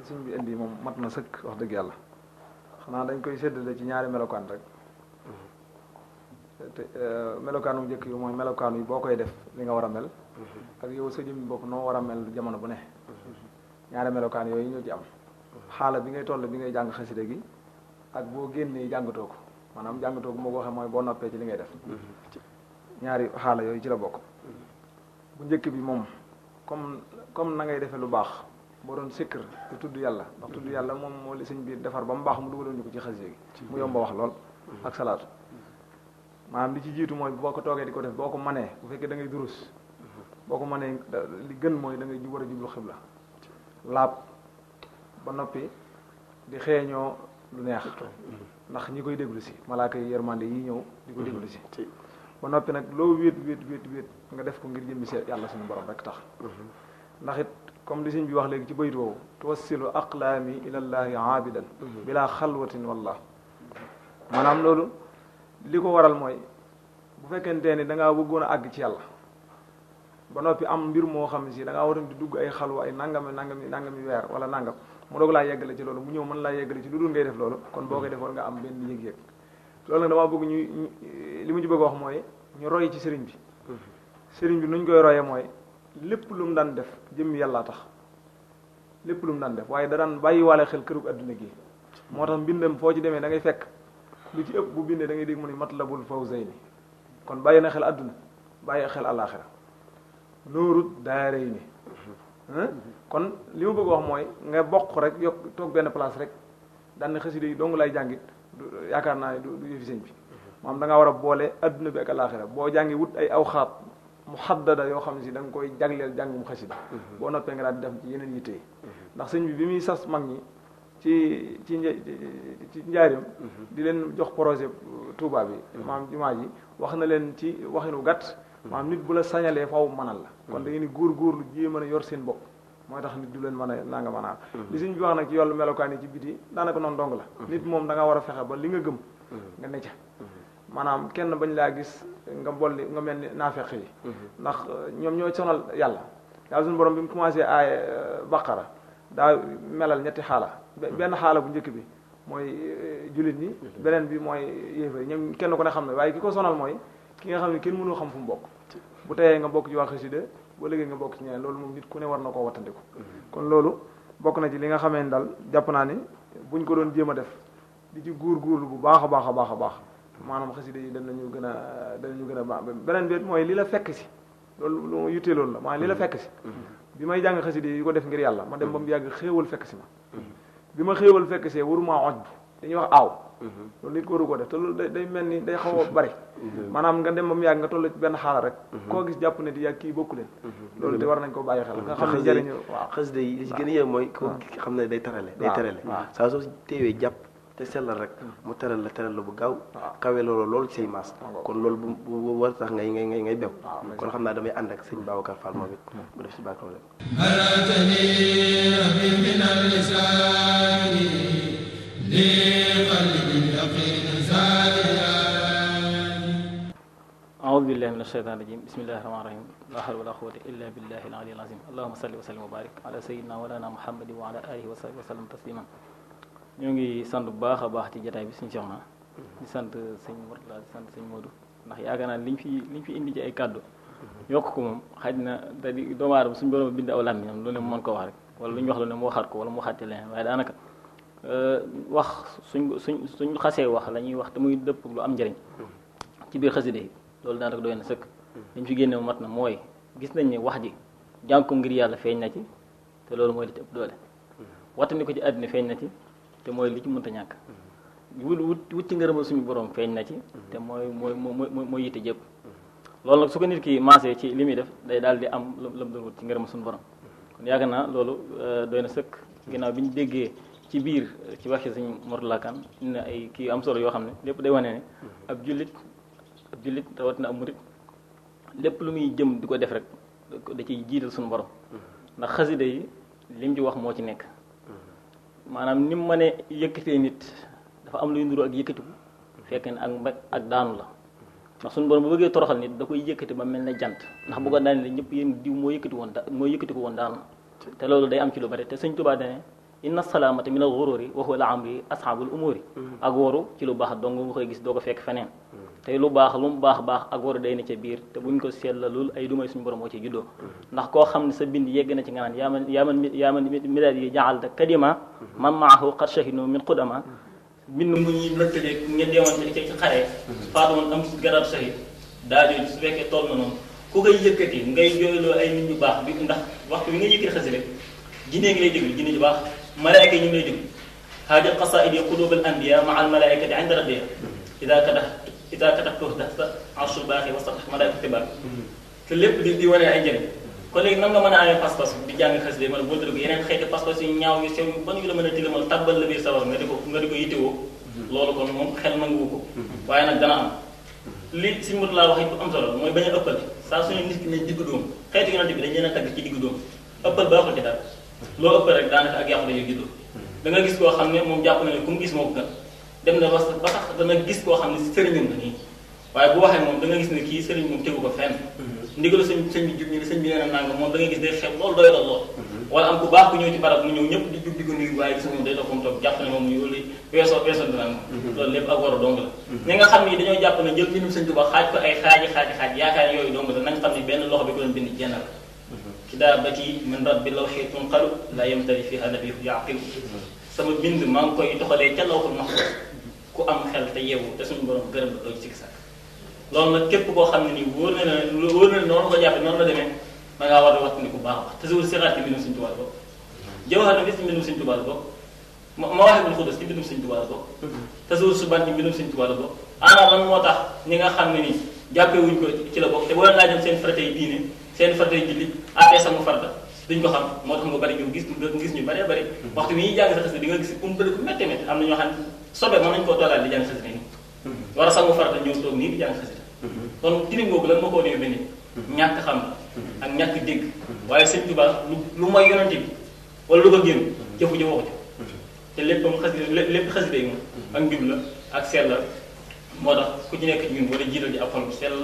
sëñ bi indi moom mat na sëkk wax dëgg yàlla xanaa dañ koy séddale ci ñaari melokaan rek. te euh, melokaanu njëkk yi mooy melokaanu yi boo koy def li nga war a mel mhm. ak yow sa jëmmi bopp noo war a mel jamono bu ne mhm. ñaari melokaan yooyu ñoo ci am mhm. xaala bi ngay toll bi ngay jàng xasida gi ak boo génnee jàngatoo ko maanaam jàngatoo ko moo ko waxee mooy boo noppee ci li ngay def ñaari xaala yooyu ci la bokk bu njëkk bi moom comme comme na ngay defee lu baax boo doon sikkar te tudd yàlla ndax tudd yàlla moom moo li sëñ bi defar ba mu baax mu dugaloon ñu ko ci xasida gi mu yomba wax lool ak maanaam li ci jiitu mooy boo ko toogee di ko def boo ko manee bu fekkee da ngay boo ko manee li gën mooy dangay ngay war a jublu xibla laab ba noppi di xeeñoo lu neex ndax ñi koy déglu si malaaka yi yërmande yi ñëw di ko déglu si mm-hmm. ba noppi nag loo wéet wéet wéet wéet nga def ko ngir jëmmi seet yàlla suñu borom rek tax mm-hmm. ndax it comme li sëñ bi wax léegi ci baytu woowu tuwassilu aqlaami ilallaahi aabidan mm-hmm. bilaa xalwatin wallah maanaam loolu Liko waral moy bu fekkante ni da nga bëggoon a ci yalla ba noppi am mbir moo xam si da ngaa waroon di dugg ay xalwa ay nangami nangami nangami weer wala nangam mu dog laa yeggale ci loolu mu ñëw mën laa yeggale ci lu ngay def loolu kon boo koy defoon nga am benn yëg-yëg loolu nag dama bëgg ñu li mu ci bëgg wax mooy ñu roy ci sëriñ bi sëriñ bi nuñ koy royee mooy lépp lu mu daan def jëm yàllaa tax lépp lu mu daan def waaye da daan xel kërug adduna gi moo mbindam foo ci demee da ngay fekk lu ci ëpp bu bindee da ngay dégg mu ne matlabul fawzayni kon bàyyi na xel àdduna bàyyi xel àllaaxira nuurut ni kon li ma bëgg wax mooy nga boq rek yokk toog benn place rek daan na xasida yi dong lay jàngit du yaakaar naa ne du du yëfi bi maanaam da nga war a boole adduna bi ak àllaaxira boo jàngi wut ay awxaat muhaddada yoo xam ne si da nga koy jagleel jàngum xasida boo noppee nga daal di def ci yeneen yitte ndax sëñ bi bi muy sas mag ñi ci ci ci njaarim mhm. di leen jox projet Touba bi mhm. maam jumaa ji wax na leen ci waxinu gàtt mhm. maam nit bu la sañalee faw mënal la kon da ngeen di góorgóorlu jéem a yor seen bopp mooy tax nit du leen mën a naa nga mën a li suñ bi wax nag ci melokaan yi ci biti daanaka noonu dong la nit moom da nga war a fexe ba li nga gëm nga ne ca maanaam kenn bañ laa gis nga bolli nga mel ni naa naafeq yi ndax eh, ñoom ñooy sonal yàlla yàlla suñu borom bi mu commencé aay eh, baqara daa melal ñetti xaala benn xaala bu njëkk bi mooy eh, jullit ñi beneen bi mooy yéefar yi kenn ko ne xam ne waaye ki ko sonal mooy ki nga xam ne kenn mënoo xam fu mu bokk bu teyee nga bokk wax waa xasida bu ëllëgee nga bokk ci ñeneen loolu moom nit ku ne war na koo wattandiku mm-hmm. kon loolu bokk na ci li nga xamee ne daal jàpp naa ni buñ ko doon jéem a def di ci góor góorlu bu baax a baax a baax a baax maanaam xasida yi danañu gën a danañu gën a beneen bi mooy li la fekk si loolu lu yittee loolu la maanaam la mm-hmm. fekk si mm-hmm. bi may jàng xasida yi ko def ngir yàlla ma dem ba mu mm-hmm. yàgg xéewal fekk si ma bi ma xéewal fekk see waruma oj bi dañuy wax aw mm-hmm. loolu nit ko waru ko def te loolu day mel ni day xaw a bari mm-hmm. maanaam nga dem ba mu yàgg nga toll benn xaala rek ko gis jàpp ne di yàgg kii bokku loolu te war nañ ko bàyyi xel nga xam ne jëriñu waaw xasida yi mooy ko xam ne day tarale day tarale saa soo teewee jàpp te sellal rek mu teral la teral la bu gaaw kawe loolu loolu ci say maas kon loolu bu bu war tax ngay ngay ngay ngay bew kon xam naa damay ànd ak sëñ Babacar Fall moom it mu def ci bàkk loolu aratani rabbi min al lisani li qalbi yaqin zalian أعوذ بالله من الشيطان الرجيم بسم الله الرحمن الرحيم لا حول ولا قوة إلا بالله العلي العظيم اللهم صل وسلم وبارك على سيدنا ولانا محمد وعلى آله وصحبه وسلم تسليما ñoo ngi sant bu baax a baax ci jataay bi suñu soxna di sant sëñ Mourtala di sant sëñ Modou ndax yaakaar naa liñ fi liñ fi indi ci ay kàddu yokk ko moom xaj na c'est-à-dire doomu aadama suñu borom bind aw làmmiñam lu ne mu mën ko wax rek wala lu ñu wax lu ne mu waxaat ko wala mu waxaat ci leneen waaye daanaka euh, wax suñ suñ suñ xasee wax la ñuy wax te muy dëpp lu am njëriñ ci biir xaside yi loolu daanaka doy na sëkk liñ fi génne mat na mooy gis nañ ne wax ji jànkum ngir yàlla feeñ na ci te loolu mooy li ci ko ci àddina feeñ na ci te mooy li ci mënta ñàkk wut wut wut ci ngërëmal suñu borom feeñ na ci mm-hmm. te mooy mooy moo moo yitte jëpp loolu nag su ko nit ki maasee ci li muy def day daal di am lu mu doon wut ci ngërëmal suñu borom mm-hmm. kon yaakaar naa loolu euh, doy na sëkk ginnaaw bi ñu déggee ci biir euh, ci waxi suñu Mourtalla Kane ne ay kii am solo yoo xam ne lépp day wane ne mm-hmm. ab jullit ab jullit rawatina ab murit lépp lu muy jëm di ko def rek da ciy jiital suñu borom ndax xasida yi li ci wax moo ci nekk maanaam ni mu mënee yëkkatee nit dafa am luy nuru ak yëkkatiku fekk ne ak mbag ak daanu la ndax suñu borom bu bëggee toroxal nit da koy yëkkati ba mel ne jant ndax bu ko daan la ñëpp yéen diw moo yëkkati woon da moo yëkkatiku woon daanu te loolu day am ci lu bari te sëñ Tuubaa dane inna salaamata min al gururi wa huwa al amri asxaabul umuri mm-hmm. ak woru ci lu baax dong nga koy gis doo ko fekk feneen mm-hmm. tey lu baax lu mu baax baax ak war day na ca biir te buñ ko sellalul ay dumay suñu borom moo ci juddoo ndax koo xam ne sa bind yegg na ci nga naan yaa man yaa man yaa man midaad yi kadima man maahu qad shahinu min qudama bind mu ñuy lëkkalee ña deewoon ci ci xare faatu won am ci garab sahid daa jooju su fekkee tol na non ku koy yëkëti ngay joylo ay nit ñu baax bi ndax waxtu bi nga yëkëti xasi jine jinee ngi lay déglu jine ju baax malaika ñu lay déglu hadi qasaid yi qulub al anbiya maa al malaikati inda rabbih ida kadax ida kataxtu daxta arsul baaxi wasatax malaayku xibaar te lépp di di waree ay jëriñ kon léegi nan a amee pas-pas di jàng xas de mën a boo dëgg yeneen xeeti pas-pas yu ñaaw yu sew ban yu la mën a tilimal tàbbal la biir sawar nga di ko nga di ko yittewoo mm-hmm. loolu kon moom xel nanguwu ko mm-hmm. waaye nag dana am mm-hmm. li si mbir laa wax it am solo mooy bañ a ëppal saa suñu nit ki ne diggu dóom xeetu yonante bi dañ leen a tagg ci diggu dóom ëppal baaxul ci dara loo ëppal rek daanaka xam ne moom jàpp na gis moo dem na ba tax dana gis koo xam ne si sëriñam la nii waaye bu waxee moom da nga gis ne kii sëriñ moom tegu ko fenn mm-hmm. ndigalu sëñ sëñ bi jub ne sëñ na moom da nga gis day xeeb loolu doy la lool mm-hmm. wala am ku baax ku ñëw ci barab mu ñëw ñëpp di jub di ko nuyu waaye gis moom day toog mu toog jàpp ne moom ñu wóolu weesoo weesoo dina am mm-hmm. loolu a dong la ñi nga xam ne dañoo jàpp ne la nañ xam benn loxo bi ko doon bind jenn la kitaabati min rabbi lawhi tunqalu la yamtali fiha nabiyu yaqilu sama bind maa ngi koy doxalee ca lawhul mahfuz ku am xel te yeewu te suñu borom gërëm la doo ci sikk sàkk loolu képp koo xam ne nii wóor na la wóor na la noonu jàppe a waxtu a wax te suul siraat yi mbindum suñu tubaal boobu jawhar nafis moo tax ñi nga xam ne wuñ ko ci la bokk te boo leen laajoon seen farata yi diine seen farata yi julli attee sama farata duñ ko xam moo tax nga bari ñu gis gis ñu bari bari waxtu bi ñuy jàng sa xas di nga gis um bëri ku métte métte am na ñoo xam sobe mën nañ koo toolaat di jàng xasida nii mhm. war a sangu farata ñëw toog nii di jàng xasida mhm. kon tilim googu lan moo ko néew benn mhm. ñàkk xam ak ñàkk dégg waaye sëñ Tuubaa lu lu mooy yonante bi wala lu ko génn jëfu jëf waxu te lépp moom xasida lépp xasida yi moom ak njub la ak sell la moo tax ku ci nekk ci ñun wala jiital ji ab xol sell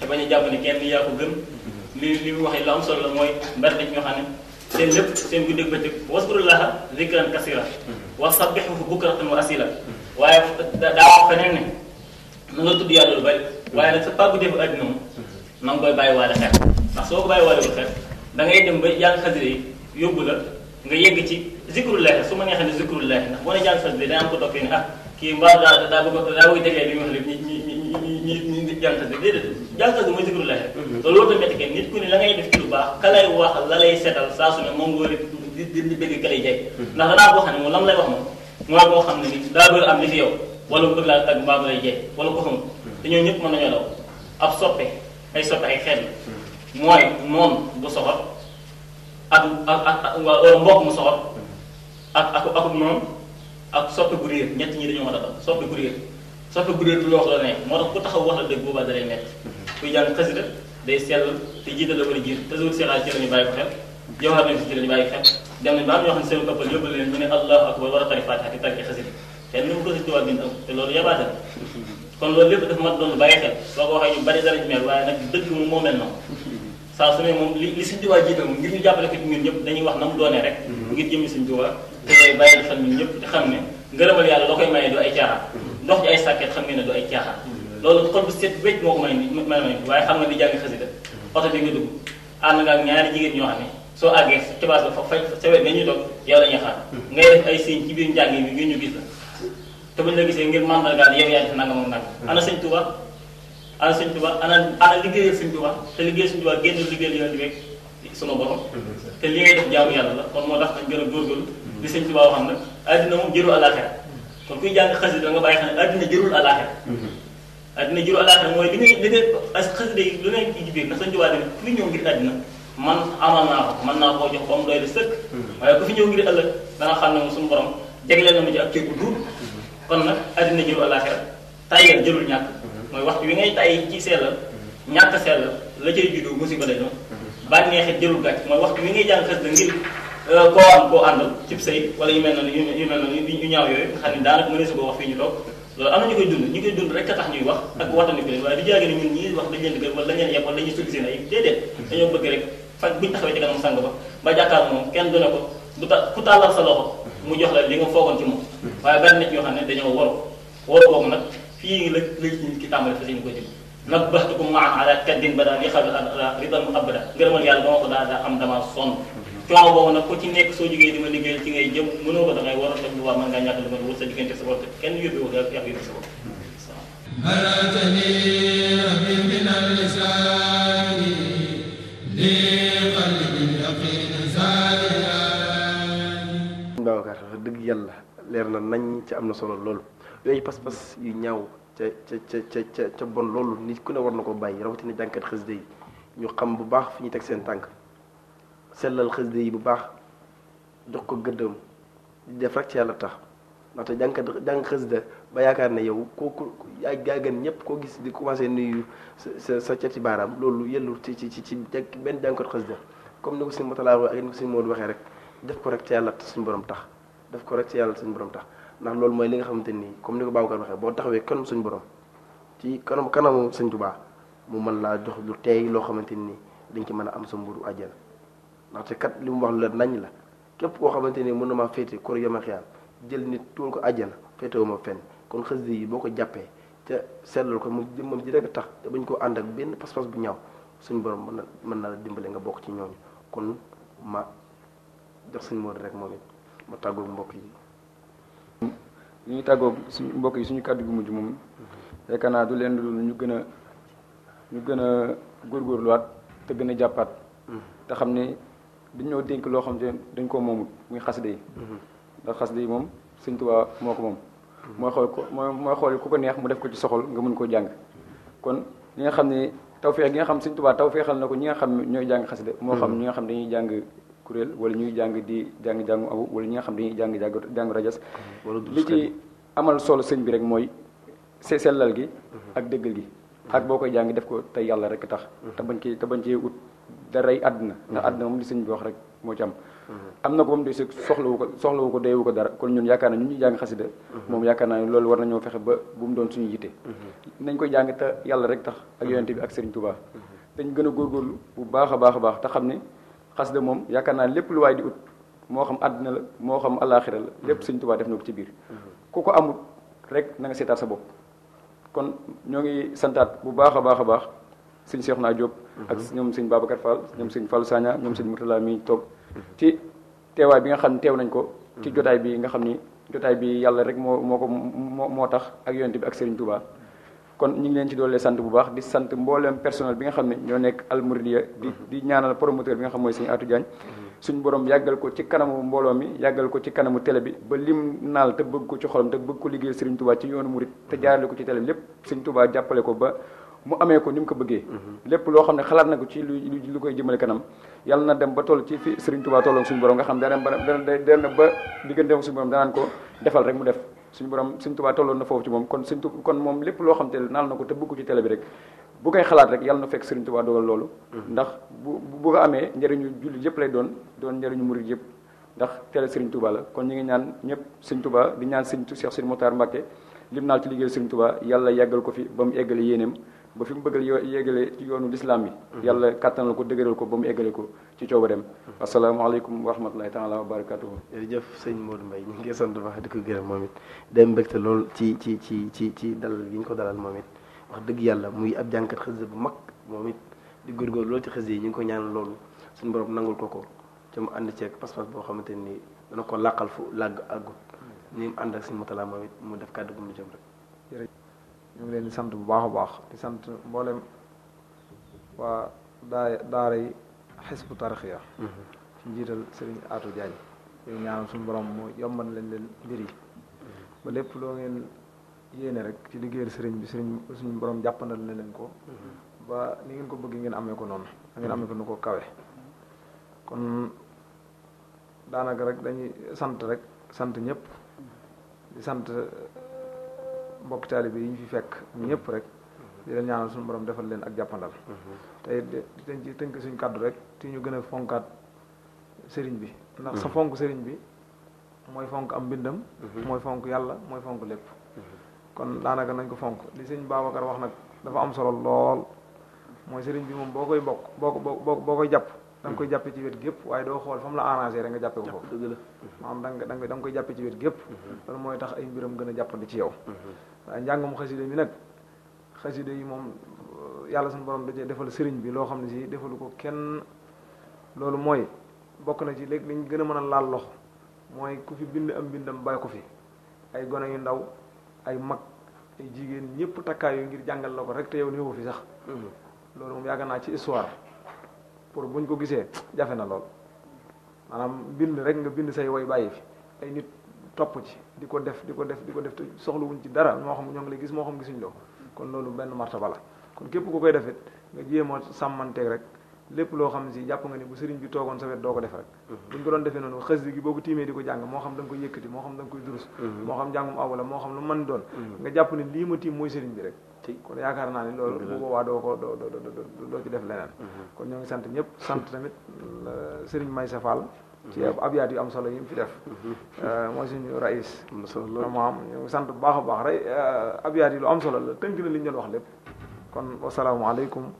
te bañ jàpp ne kenn yaa ko gën li li mu wax la am solo la mooy mbari dañ ñoo xam ne seen lépp seen guddeeg bëccëg waskurullaha zikran kasira wasabbihuhu bukratan wa asila waaye daa wax feneen ne na nga tudd yàlla lu bari waaye nag sa pàggu defu àddina moom na nga koy bàyyi waale xel ndax soo ko bàyyi waale xel da ngay dem ba jàng xasida yi yóbbu la nga yegg ci zikrullahi su ma neexee ne zikrullahi ndax boo ne jàng xasida yi day am ko toppee ne ah kii mbaa daa daa bëgg daa bëgg jegee li muy wax lépp ñi ñi ñi ñi ñi jàng xasida déedéet jàkka gi mooy zikrullah loolu tamit metti kenn nit ku ne la ngay def ci lu baax ka wax la lay setal saa su moom nga war di di bëgg ka lay jay ndax danaa boo ne moom lam wax moom mooy daa bëgg am li fi yow wala bu bëgg laa tag mbaa lay ay soppe ay xeet la mooy noonu ak ak mu soxor ak ak ak noonu ak soppe bu réer ñett ñi dañoo mën a daw bu réer soppe bu réer du loo wax la ne moo tax ku taxaw wax la dëgg boobaa da metti kuy jàng xasida day sellal te jiital la war a jiir te suul sixaar ci la ñu bàyyi ko xel jawhar nañ si ci la ñu bàyyi ko xel dem nañ ba am ñoo xam ne seen koppal yóbbal leen ñu ne allahu akbar war a tari fatiha te tàgge xasida te nu mu ko si tubaab bi am te loolu yabaate kon loolu lépp dafa mat doon bàyyi xel soo ko waxee ñu bari danañ mel waaye nag dëgg moom moo mel noonu saa su ne moom li li suñ tubaab jiital moom ngir ñu jàppale ko ñun ñëpp dañuy wax na mu doonee rek ngir jëmmi suñ tubaab te looy bàyyi xel ñun ñëpp te xam ne ngërëmal yàlla loo koy maye du ay caaxaan ndox ji ay sàkket xam ngeen ne du ay caaxaan loolu xol bu set wécc moo ko may may may waaye xam nga di jàng xasida oto bi nga dugg ànd nga ak ñaari jigéen ñoo xam ne soo àggee tibaas ba fa fay sa wet nga ñuy toog yow la ñuy hmm. ay sëñ ci biir njàng yi ngir ñu gis la gisee ngir mandargaal yow yaa def nanga moom nanga hmm. ana sëñ Tuuba ana sëñ Tuuba ana ana liggéeyal sëñ Tuuba te liggéeyal sëñ Tuuba génn liggéeyal yoon di rek suma borom hmm. te li ngay def jaamu yàlla la kon moo tax nañ gën a góorgóorlu li sëñ Tuuba waxam nag addina moom jërul àllaaxira kon kuy jàng xasida nga bàyyi xam ne addina jërul àllaaxira àddina juru alaata mooy li ngay li ngay as xasida yi lu nekk ci biir ndax sañ jubaa dina ku fi ñëw ngir àddina man amal naa ko mën naa koo jox ba mu doy de sëkk hmm. waaye ku fi ñëw ngir ëllëg danga xam ne moom suñu borom jagleel na mu ci ak ceeb bu duur hmm. kon nag àddina juru alaata tàyyeel jërul ñàkk hmm. mooy waxtu wi ngay tàyyi ci sellal ñàkk sellal la cay juddu musiba lay doon bànneexit jërul gàcc mooy waxtu wi ngay jàng xasida ngir euh, koo am koo àndal cib sëy wala yu mel noonu yu mel noonu yu ñaaw yooyu nga xam loolu am na ñu koy dund ñu koy dund rek a tax ñuy wax ak wattandiku leen waaye du jaage ne ñun ñii wax dañ leen gën wala dañ leen yem wala dañuy solution ay déedéet dañoo bëgg rek fan buñ taxawee ci kanam sang ba ba jàkkaar moom kenn du ne ko bu ta ku tàllal sa loxo mu jox la li nga foogoon ci moom waaye bari nit ñoo xam ne dañoo waru waru boobu nag fii la la ci ki tàmbali fa ko jëm nag baxtukum maan ala kaddin ba daal li xabi ala ridal mu abada ngërëmal yàlla dama ko daa daa am dama sonn flaw boobu nag ku ci nekk soo jógee di ma liggéey ci ngay jëm mënoo ko da ngay war a toj bu baax mën ngaa ñàkk li ma wut sa diggante sa bopp kenn yóbbi ko ak yàq yóbbi sa bopp بلغتني ربي leer na nañ ci solo lool yoy pas-pas yu ñaaw ca ca ca ca ca bon lool nit ku ne war na ko bayyi rawati na jankat xes ñu xam bu baax fi seen sellal xasida yi bu baax jox ko gëddam di def rek ci yàlla tax ndaxte jàng jàng xasida ba yaakaar ne yow kooku yaa gaa gën ñëpp koo gis di commencé nuyu sa sa ca ci baaraam loolu yëllul ci ci ci ci benn jàngkat xasida comme ni ko suñu matalaaw ak ni ko suñu moom waxee rek def ko rek ci yàlla suñu borom tax def ko rek ci yàlla suñu borom tax ndax loolu mooy li nga xamante nii comme ni ko Babacar waxee boo taxawee kanam suñu borom ci kanam kanamu Sëñ Tuubaa mu mën laa jox lu teey loo xamante nii dañ ci mën a am sa mburu àjjana te kat lim wax la nañ la képp koo xamante ni mën na maa féete kor yama xiyaam jël nit tuul ko àjjana féetewuma fenn kon xasida yi boo ko jàppee te seetlal ko mu jëmmam ji rek tax te bañ ko ànd ak benn pas-pas bu ñaaw suñ borom mën na mën na dimbale nga bokk ci ñooñu kon ma jox suñ moodi rek moom it ma tàggoog mbokk yi ñu tàggoog suñ mbokk yi suñu kàddu gu mujj moom yaakaar naa du leen dul ñu gën a ñu gën a góorgóorluwaat te gën a jàppaat mm-hmm. te xam ne dañ ñoo dénk loo xam ne dañ ko moomut muy xasida yi mhm. ndax xasida yi moom sëñ Tuubaa moo ko moom mhm. mooy xool ko mooy mooy xool ku ko neex mu def ko ci soxol nga mën koo jàng kon ñi nga xam ne tawfeex gi nga xam sëñ Tuubaa tawfeexal na ko ñi nga xam ñooy jàng xasida moo xam mhm. ñi nga xam dañuy jàng kuréel wala ñuy jàng di jàng jàngu abu wala ñi nga xam dañuy jàng jàng jàngu rajas li ci amal solo sëñ bi rek mooy sellal gi ak dëggal gi ak boo koy jàng def ko tey yàlla rek tax te bañ ci te bañ ci wut daray àdduna ndax mhm. na moom li sëñ bi wax rek mo ci mhm. am na ko ba mu desi soxlawu ko soxlawu ko deewu ko dara kon ñun yaakaar naa ñu ñuy jàng xasida mhm. moom yaakaar naa ne war nañoo ba bu mu doon suñu yite nañ koy jàng ta yàlla rek tax ak yonente bi ak sëriñ Tuubaa dañ gën a bu baax a baax ta baax te mom ne lep moom yaakaar naa lépp lu waay di ut mo xam àdduna la moo xam alaxira la lépp sëriñ Tuubaa def na ko ko rek na nga seetaat sa kon ñoo ngi bu baaxa baaxa baax sëñ Cheikh naa Diop ak mhm. ñom sëñ Babacar Fall ñom sëñ fall sanya ñom sëñ murtala mi tok ci teway bi nga xamni tew nañ ko ci mhm. jotay bi nga xamni jotay bi yalla rek moo moo ko tax ak yoonte bi ak Serigne Touba kon ñu ngi leen ci dole sante bu baax di sante mbollem personnel bi nga xamni ño nek al mouridiya di mhm. di ñaanal promoteur bi nga xam mooy sëñ Atou Diagne suñ borom yagal ko ci kanamu mbooloo mi yagal ko ci kanamu télé bi ba lim naal te bëgg ko ci xolam te bëgg ko liggéey Serigne Touba ci yoonu murit te jaarale ko ci télé lepp Serigne Touba jappalé ko ba mu amee ko ni mu ko bëggee mhm. lépp loo xam ne xalaat na ko ci lu lu koy jëmale kanam yàlla na dem ba toll ci fi Serigne Touba tolloon suñu borom nga xam dana ba dana ba diggante ak suñu borom danaan ko defal rek mu def suñu borom Serigne Touba tolloon na foofu ci moom kon Serigne kon moom lépp loo xam te naal na ko te bëgg ci télé bi rek bu koy xalaat rek yàlla na fekk Serigne Touba dogal loolu mhm. ndax bu bu ko amee njëriñu julli yëpp lay doon doon njëriñu murid yëpp ndax télé Serigne Touba la kon ñu ngi ñaan ñëpp Serigne Touba di ñaan Serigne Cheikh Serigne Mokhtar Mbacké lim naal ci liggéey Serigne Touba yàlla yàggal ko fi ba mu eggali yéeneem ba fi mu bëggal yo yéegale ci yoonu lislaam yi yàlla kàttanal ko dëgëral ko ba mu éggale ko ci coobareem asalaamaaleykum wa rahmatulahi taala wa barakatuhu jëf sëñ Modou mbay ñu ngi sant wax di ko gërëm moom it dem mbégte lool ci ci ci ci ci dalal gi ñu ko dalal moom it wax dëgg yàlla muy ab jànkat xis bu mag moom it di góorgóor loolu ci xasida yi ñu ngi ko ñaan loolu suñu borom nangul ko ko ci mu ànd ceeg pas-pas boo xamante ni dana ko làqal fu làgg àggut ni ànd ak suñu motala moom it mu def kàddu gu ñu ngi leen di sant bu baax a baax di sant mboolem waa daa xes yi xisbu tarxiya ci njiital sëriñ Atou jaañ yooyu ñaanal suñu borom mu yombal leen leen mbir yi ba lépp loo ngeen yéene rek ci liggéey sëriñ bi sëriñ suñu borom jàppandal ne leen ko ba ni ngeen ko bëggee ngeen amee ko noonu ngeen amee ko nu ko kawe kon daanaka rek dañuy sant rek sant ñëpp di sant mbokk taalibe yi ñu fi fekk ñëpp rek di leen ñaanal suñu borom defal leen ak jàppandal mhm. tey dañ ci tënk suñ kàddu rek te ñu gën a fonkaat sëriñ bi mhm. ndax sa fonk sëriñ bi mooy fonk am mbindam mhm. mooy fonk yàlla mooy fonk lépp kon daanaka nañ ko fonk li sëñ Babacar wax nag dafa am solo lool mooy sëriñ bi moom boo koy bokk boo ko boo koy jàpp da nga koy jàppe ci wet gépp waaye do xool fa mu la arrangé rek nga jàppe ko foofu maanaam da nga da nga koy jàppe ci wet gépp mhm. loolu mooy tax ay mbiram gën a jàppandi ci yow mhm. waaye njàngum xasida mi nag xasida yi mom yàlla suñu borom da cee defal sëriñ bi lo xam ne si defalu ko kenn loolu mooy bokk na ci léegi liñ gën a mën a laal loxo mooy ku fi bind am bindam ko fi ay gone yu ndaw ay mag ay jigéen ñëpp takkaayu ngir jangal la ko rek te yow néewu fi sax mhm. loolu moom yàgg na ci histoire pour bu ñu ko gisee jafe na lool maanaam mbind rek nga bind say woy bàyyi fi ay nit topp ci di ko def di ko def di ko def te soxlawuñ ci dara moo xam ñoo ngi lay gis moo xam gisuñ loo kon loolu benn martaba la kon képp ku koy defit nga jéem a sàmmanteeg rek lépp loo xam ne si jàpp nga ni bu sëriñ bi toogoon sa wet doo ko def rek mhm. buñ ko doon defee noonu xasida gi boo ko tiimee di ko jàng moo xam da nga koy yëkkati moo xam da nga koy durus mhm. moo xam jàngum aw la moo xam lu mën doon mhm. nga jàpp ne lii ma tiim mooy sëriñ bi rek kon yaakaar naa ni loolu bu boobaa doo ko doo doo ci def leneen kon ñoo ngi sant ñëpp sant tamit euh, sëriñ Maysa Fall ci abyaat yu am solo yi mu fi def euh, mooy suñu raïs vraiment ñu ngi sant bu baax a baax rek euh, abyaat yi lu am solo la tënk na li ñu doon wax lépp kon wasalaamaaleykum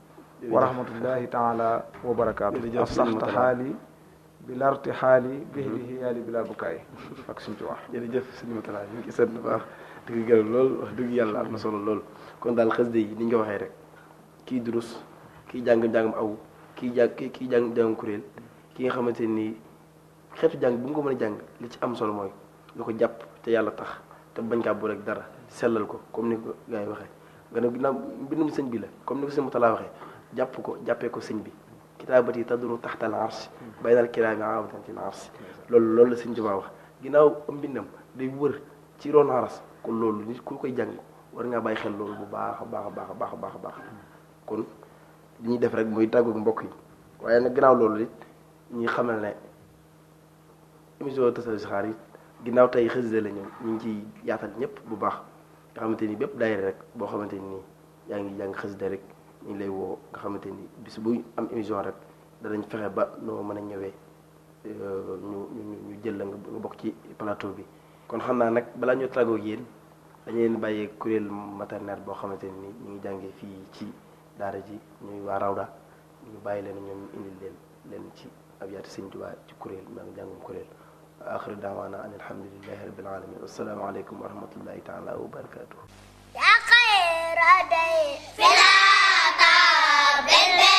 warahmatullahi taala wabarakatuh barakaatu tahali xaali bi bihi xaali bihdi hiyaali bi ak suñ ci wax jeri jërëjëf sëñ Matala ñu ngi sant baax di ko gërëm lool wax dëgg yalla am na solo lol kon dal xesde yi ni nga waxe rek ki durus kii jang jàngam aw ki jàng ki jang jàngam kurel ki nga xamanteni ni jang bu nga ko mën a li ci am solo moy nga ko jàpp te yalla tax te bañ ka bu rek dara selal ko comme ni ko gars yi waxee nga ne ginnaaw mbindum sëñ bi la comme ni ko sëñ Matala waxe jàpp ko jàppee ko sëñ bi kitaabati taduru taxta al arsh baynal kiraami aawatan fil arsh loolu loolu la sëñ Tuubaa wax ginnaaw mbindam day wër ci ron kon loolu nit ku koy jàng war ngaa bàyyi xel loolu bu baax a baax a baax a baax baax kon li ñuy def rek muy tàggoog mbokk yi waaye nag ginnaaw loolu it ñuy xamal ne émission Tasawudu Sixaar yi ginnaaw tey xasida la ñëw ñu ngi ciy yaatal ñëpp bu baax nga xamante ni bépp daayira rek boo xamante ni yaa ngi jàng xasida rek ñu ngi lay woo nga xamante ni bis bu am émission rek danañ fexe ba noo mën a ñëwee ñu ñu ñu jël la nga bokk ci plateau bi. kon xam naa nag balaa ñu tàggoog yéen dañu leen bàyyee kuréel maternelle boo xamante ni ñu ngi jàngee fii ci daara ji ñuy waa Rawda ñu bàyyi leen ñoom ñu indil leen leen ci abyaati Sëñ Tuubaa ci kuréel maa ngi jàngum kuréel. آخر دعوانا أن الحمد لله رب العالمين والسلام عليكم ورحمة الله تعالى وبركاته يا خير هدي del